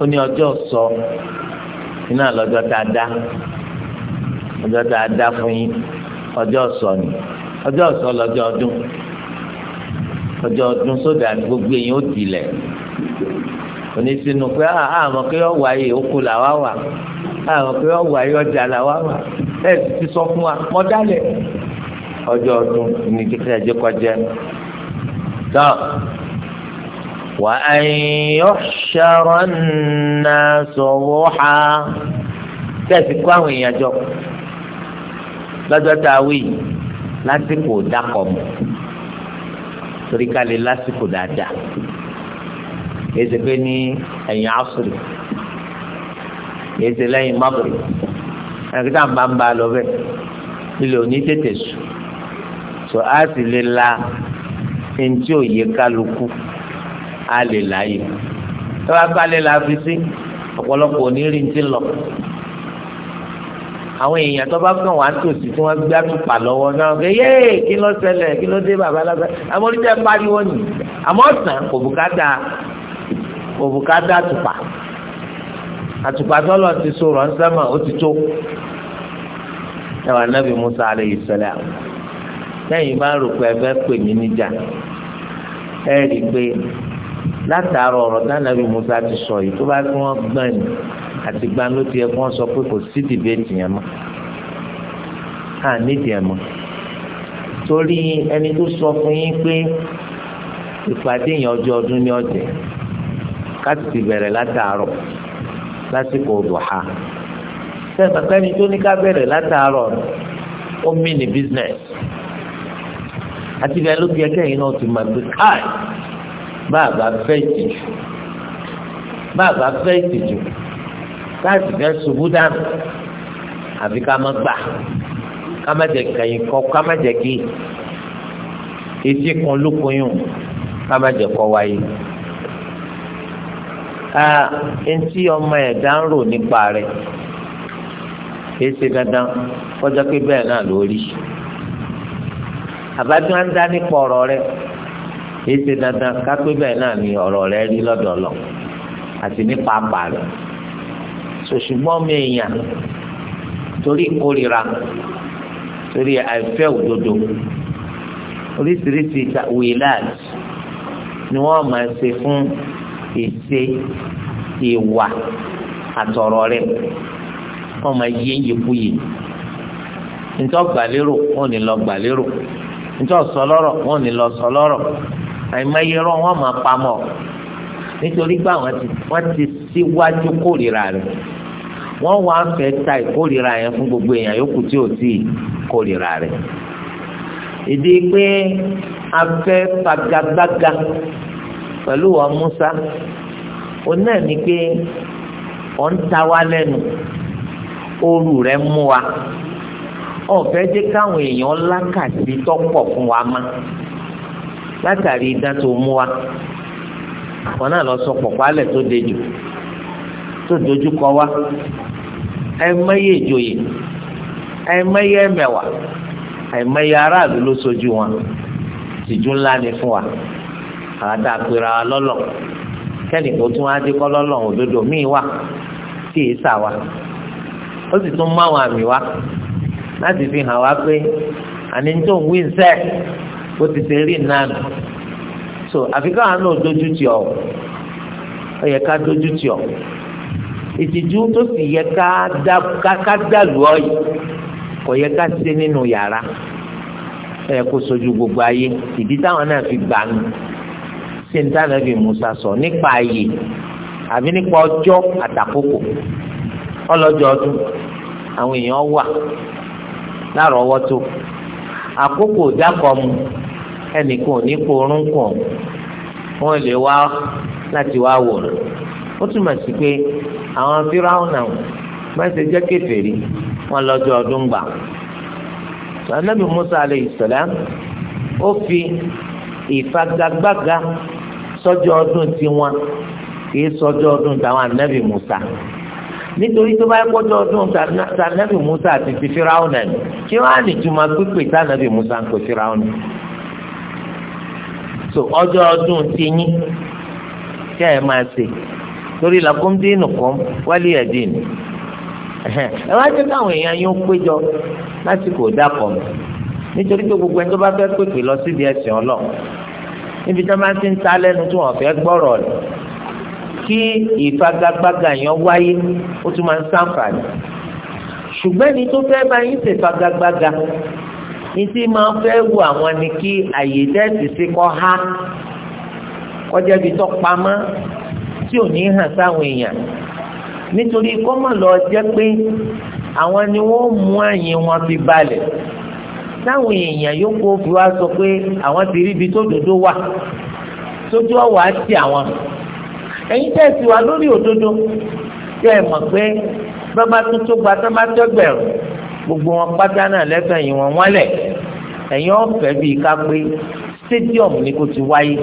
ó ní ọjọ́ sọ iná lọ́jọ́ tá a dá ọjọ́ tá a dá fún yín ọjọ́ sọ ni ọjọ́ sọ lọ́jọ́ ọdún ọjọ́ ọdún sódà ni gbogbo èèyàn ó dilẹ̀ onísinu pé àmọ́ ah, ah, pé ọ̀wà yìí ó kó làwa wà àmọ́ ah, pé ọ̀wà yìí ọjà làwa wà ẹ̀ ti sọ fún wa mọ́dálẹ̀ ọjọ́ ọdún ní kíkẹ́ ẹ̀jẹ̀ kọjá. وأن يحشر الناس ضحى كيف كانوا يجوا lọ́jọ́ tá a wí lásìkò dákọ̀ mọ́ torí ká lè lásìkò dáadáa èsì pé ní ẹ̀yìn asùrì èsì lẹ́yìn mọ́bìrì ẹ̀kítà ń bá ń bá lọ bẹ́ẹ̀ ilẹ̀ òní tètè sùn sọ á sì lè la ẹni tí ò yẹ kálukú alè láàyè tó bá gbálẹ la fi sí ọ̀pọ̀lọpọ̀ onírin ti lọ àwọn èèyàn tó bá kàn wá tòsí tí wọ́n gbé àtùpà lọ́wọ́ náà ké yé kí ló ṣẹlẹ̀ kí ló dé bàbá lábẹ́ àmọ́ oníjẹ pariwo nì àmọ́ ọ̀sán kò bùkátà kò bùkátà àtùpà àtùpà tọ́lọ̀ ti sọ̀rọ̀ ńsẹ́mọ̀ ó ti tó ẹwà nàbì Musa alayhi salam lẹ́yìn bá rò pé ẹ fẹ́ pè mí níjà ẹ rí i pé látàárọ ọ̀rọ̀ tánàbí musa ti sọ yìí tó bá fi wọn gbọn ni àti gbanu ló ti yẹ kó wọn sọ pé kò sí dìbẹ́tì yẹn mọ́ à nídìí ẹ̀ mọ́ torí ẹni tó sọ fún yín pé ìpàdé yẹn ọjọ́ ọdún ní ọ̀jẹ̀ káàtì ti bẹ̀rẹ̀ látàárọ lásìkò òdùhà sẹ́yìn kẹ́ni tó ní ká bẹ̀rẹ̀ látàárọ̀ ó mí ní business àti bẹ́ẹ̀ ló fi ẹgbẹ́ yìí náà ti máa gbé káì bàbá fẹ́ ìtìjú bàbá fẹ́ ìtìjú láti fẹ́ ṣubú dànù àfi ká má gbà ká má jẹ kẹyìn kọ ká má jẹ kí etí kan lókoyún ká má jẹ kọ wáyé eŋti ọmọ ẹ̀dá ń rò nípa rẹ̀ kìí ṣe dandan kọjá pé bẹ́ẹ̀ náà lórí àbájọ́ ń dá nípa ọ̀rọ̀ rẹ̀ èsì dandan kápẹ́ bẹ́ẹ̀ náà ni ọ̀rọ̀ rẹ rí lọ́dọ̀ lọ àti ní pàápàá rẹ ṣùṣùgbọ́n mi èèyàn torí ìkórira torí àìfẹ́ òdodo oríṣiríṣi wíláàt ni wọ́n máa ṣe fún ìṣe ìwà àtọ̀rọ̀ rẹ̀ wọ́n máa yé yìkúyè ntọ́ gbàlérò wọ́n ní lọ gbàlérò ntọ́ sọlọ́rọ̀ wọ́n ní lọ sọlọ́rọ̀ àìmọye rọ wọn máa pamọ́ nítorí pé àwọn ti wọ́n ti síwájú kórìíra rẹ̀ wọ́n wá fẹ́ ta ìkórìíra yẹn fún gbogbo èèyàn yòókù tí ò tí ì kórìíra rẹ̀ ìdí pé a fẹ́ fagagbága pẹ̀lú wọn Musa òun náà ni pé ọ̀ ń ta wá lẹ́nu ooru rẹ̀ mú wa ọ̀fẹ́ jẹ́ káwọn èèyàn lákàtí tọ́pọ̀ fún wa má. látàrí idán tó mú wa wọn náà lọ sọ pọ̀pọ̀ alẹ̀ tó dejò tó dojú kọ wa ìjòyè aráàlú ló sojú wọn tìjú ńlá ni fún wa àdá pera lọ́lọ́ kẹ́ni tún adé kọ́ lọ́lọ́ òdodo míì wà tí èé sà wa ó sì tún wa láti fi hàn wá pé àní tó ń wí bó ti ṣe rí nánu so àfi káwọn náà dojú tì ọ ó yẹ ká dojú tì ọ ìtìjú tó sì yẹ ká dàlú ọ yìí kò yẹ ká ṣe nínú yàrá ó yẹ kó sojú gbogbo ayé ìdí táwọn náà fi gbà nù ṣé ní táwọn fi Musa sọ nípa ayé àbí nípa ọjọ́ àtàkókò ọlọ́jọ́ ọdún àwọn èèyàn wà lárọ̀ọ́wọ́tó àkókò dákọ̀ mu ẹnìkan ò ní kó orún kàn wọn lè wá láti wá wò ó ó túmọ̀ sí pé àwọn fíráhùn náà mẹsẹ̀ jẹ́ kèfèrí wọn lọ́jọ́ ọdún gbà anabi musa aleyhi salam ó fi ìfagagbága sọ́jọ́ ọdún tiwọn kì í sọ́jọ́ ọdún tàwọn anabi musa nítorí tó bá yẹ kọjọ ọdún tànàbì musa àti ti fíráhùn náà kí wọn á nìtúmọ̀ pípé tànàbì musa ń pè fíráhùn so ọjọ́ ọdún ti yín kí ẹ máa ṣe lórí làkúndínù kan wálé ẹ̀dín ẹ wá jẹ́ káwọn èèyàn yín ó péjọ lásìkò dákọ̀ mọ́ nítorí pé gbogbo ẹni tó bá fẹ́ pèpè lọ síbi ẹ̀sìn ọlọ́ọ̀ níbi tí wọ́n máa ti ń ta lẹ́nu tí wọ́n fẹ́ gbọ́rọ̀ rẹ̀ kí ìfagagbága yẹn wáyé ó tún máa ń ṣàǹfààní ṣùgbọ́n ẹni tó fẹ́ bá yín ṣèfagagbága ìtì máa fẹ́ wù àwọn ni kí àyè sí kọ́ ha kọjá ibi pamọ́ tí ò ní hàn sáwọn èèyàn nítorí kọ́mọ̀ lọ jẹ́ pé àwọn ni wọ́n mú àyè wọn fi balẹ̀ sáwọn èèyàn kó fi wá sọ pé àwọn ti rí ibi tó dodo wà sójú ọ̀wà ti àwọn ẹ̀yin tẹ̀sí wa lórí òdodo mọ̀ pé bàbá gbogbo wọn pátá náà lẹ́fẹ̀ẹ́ yìí wọn wálẹ̀ ẹ̀yin ọ̀fẹ́ bíi ká pé stadium ni kò ti wáyé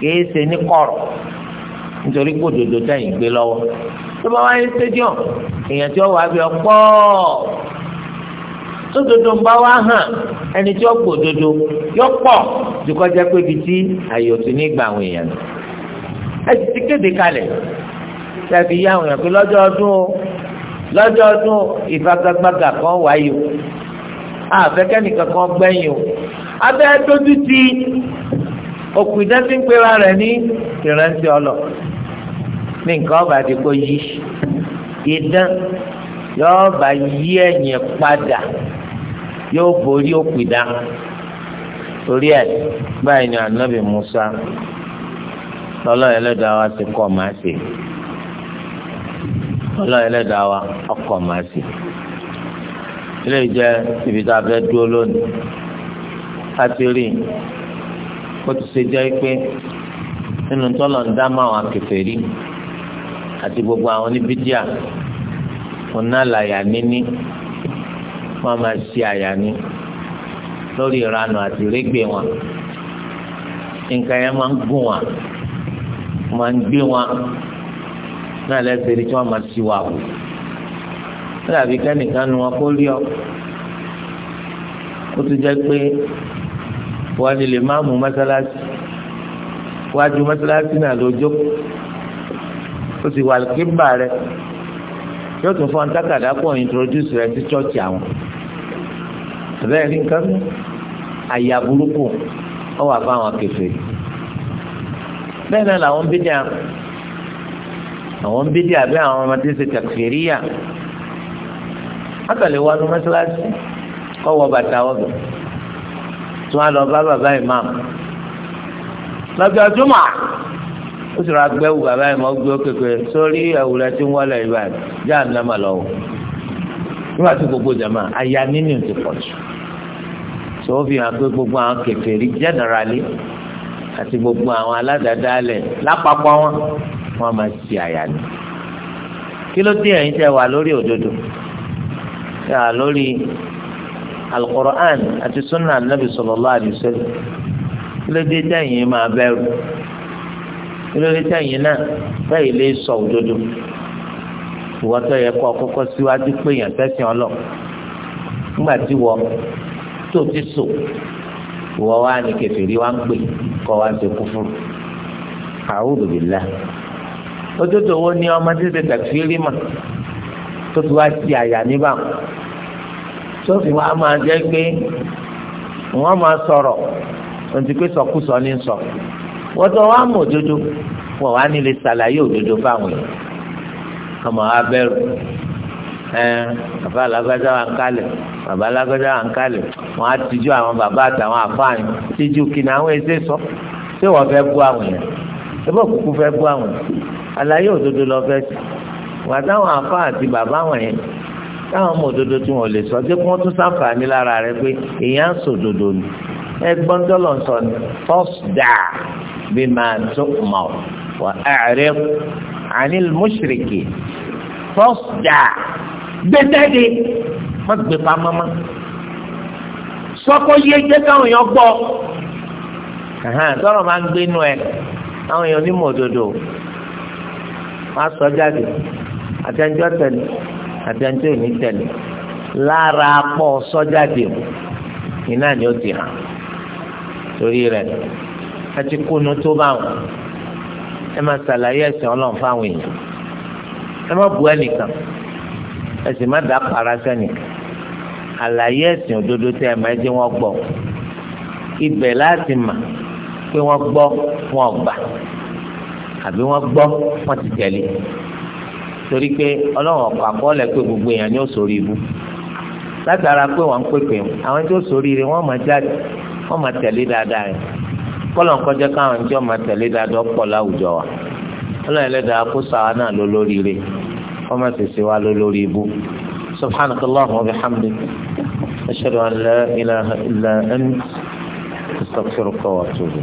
kìí ṣe ní kọ̀rọ̀ nítorí gbòdòdó tẹ̀yìn gbé lọ́wọ́ tó bá wáyé stadium èèyàn tí ó wà á bí ọ̀pọ̀ tó dodo ń bá wá hàn ẹni tí ó gbòdodo yọ pọ̀ dùkọ́ jẹ́ pé ibi tí àyò ti ní gbà àwọn èèyàn ẹ ti kéde kalẹ̀ tàbí àwọn èèyàn pé lọ́jọ́ ọdún o lọ́jọ́ ọdún ìfagagbága kan wáyé o àfẹ́kẹ́nìkan kan gbẹ̀yìn o abẹ́ dójú ti òkú ìdẹ́sí ń pera rẹ̀ ní ìrántí ọlọ ní nǹkan ọba àti kò yí ìdán yóò bá yí ẹ̀yìn padà yóò borí òkú ìdán torí ẹ̀ báyìí ni ànábì Musa lọ́lọ́ ẹlẹ́dàá wa ti kọ́ máa ṣe. ọlọ́run ẹlẹ́dàá wa ọkọ̀ máa sì ilé jẹ́ ibi tá a fẹ́ dúró lónìí a rí ndama ti ṣe jẹ́ pé gbogbo àwọn oníbídíà ọ̀nà àlàyà níní wọn máa ṣe àyà ní lórí ìranù àti régbè wọn nǹkan yẹn máa ń gùn wọn máa ń gbé wọn. náà lẹ́sẹ̀ rí tí wọ́n máa ti wà kù nígbà bí kẹ́nìkan nu wọn kó rí ọ ó ti jẹ́ pé wọ́n ní lè má mú mọ́sálásí wájú mọ́sálásí náà ló jókòó ó sì wà kíbà rẹ yóò tún fọ́n tákàdá pọ̀ introduce rẹ sí chọ́ọ̀chì àwọn bẹ́ẹ̀ ní nǹkan àyà burúkú ọ wà fáwọn kẹfẹ́ bẹ́ẹ̀ náà làwọn bíjà àwọn bídíà bí àwọn ọmọ tí ń ṣe tẹkfìríyà akàlẹ̀ wà ló mọ́ṣáláṣí kọ́ wọ bàtà ọ̀gbìn tí wọ́n á lọ bá bàbá ìmáàmù lọ́jọ́ jùmọ̀ ó sì rà gbẹ́wò bàbá ìmọ̀ gbé kékeré sórí ẹ̀wùrẹ́ tí ń wọlé ìbàdàn já ànámà lọ́wọ́ nígbà tí gbogbo jàmá àyà nínú ti pọ̀ jù tó fi hàn pé gbogbo àwọn kèfèrí jẹ́nẹ̀rálì àti gbogbo àwọn aládàádáalẹ̀ lápapọ̀ wọn wọ́n máa ṣe àyà ni kí ló dé ẹ̀yin tẹ́ wà lórí òdodo tẹ́ wà lórí alukoran àti sunna nabi sallallahu alaihi wasallam kí ló dé tẹ̀yin máa bẹ̀rù kí ló dé tẹ̀yin náà tẹ̀yin lè sọ òdodo ìwọ́tọ̀ yẹ kó kọ́kọ́ síwájú pé èèyàn tẹ̀sìn ọlọ́ nígbà tí wọ́n tó ti sò wọ́n wá ní kẹfìrí wá ń pè kọ́ wá ń ṣe kúfúrú a'udhu billah òtútù wo ni ọmọ títí tẹ̀síìrì mà tó ti wá ti àyà níbà tó fi wá máa jẹ́ pé wọ́n máa sọ̀rọ̀ ohun tí pé sọkúsọ ní sọ wọ́n tó wá mọ̀ òdodo wọ́n wá nílé ṣàlàyé òdodo fáwọn yìí ọmọ abẹ́rù bàbá alágbájá wa ń kálẹ̀ bàbá alágbájá wa ń kálẹ̀ wọ́n á tijú àwọn bàbá àtàwọn àfáàyàn tijú kí àwọn ẹsẹ̀ sọ ṣé wọ́n fẹ́ bú àwọn yẹn ṣé wọ́n kúkú fẹ́ bú àwọn yẹn àlàyé òdodo lọ fẹ́ sí wà táwọn afá àti bàbá wọn yẹn táwọn ọmọ òdodo tí wọn lè sọ tí wọn tún sáǹfààní lára rẹ pé èèyàn sòdodo ni ẹgbọ́n tọ́lọ̀ sọ ni fọ́sdà bí máa tó mọ̀ wà ààrẹ anil mushriki fọ́sdà gbẹ́tẹ́dẹ́ má gbé pamọ́ mọ́ yé jẹ́ káwọn èèyàn gbọ́ tọ́lọ̀ máa ń gbénu ẹ̀ káwọn èèyàn onímọ̀ òdodo máa sọ jáde àtẹnjọ́ tẹ̀lé àtẹnjọ́ òní tẹ̀lé lára pọ̀ sọ jáde iná ni ó ti hàn torí rẹ̀ ẹ ti kúnú tó bá wọn ẹ máa ṣàlàyé ẹ̀sìn ọlọ́run fáwọn èèyàn ẹ má bu ẹnìkan ẹ sì má dá para sẹ́nìkan àlàyé ẹ̀sìn òdodo tẹ́ ẹ máa jẹ́ wọ́n gbọ́ ibẹ̀ láti mà pé wọ́n gbọ́ wọ́n gbà àbí wọ́n gbọ́ wọ́n ti tẹ̀lé torí pé ọlọ́run ọ̀pọ̀ àkọọ́lẹ̀ pé gbogbo èèyàn ni ó sórí ibú látara pé wọ́n ń pèpè àwọn tí ó sórí rẹ̀ wọ́n máa jáde wọ́n máa tẹ̀lé dáadáa rẹ̀ kọ́lọ̀ kọjá káwọn ìjọ máa tẹ̀lé dáadáa pọ̀ láwùjọ wa ọlọ́run ẹlẹ́dàá kó sàwa náà ló lórí rẹ̀ wọ́n máa tẹ̀sí wa ló lórí ibú subhanakallah wa bihamdik ashhadu an la ilaha illa ant astaghfiruka wa atubu.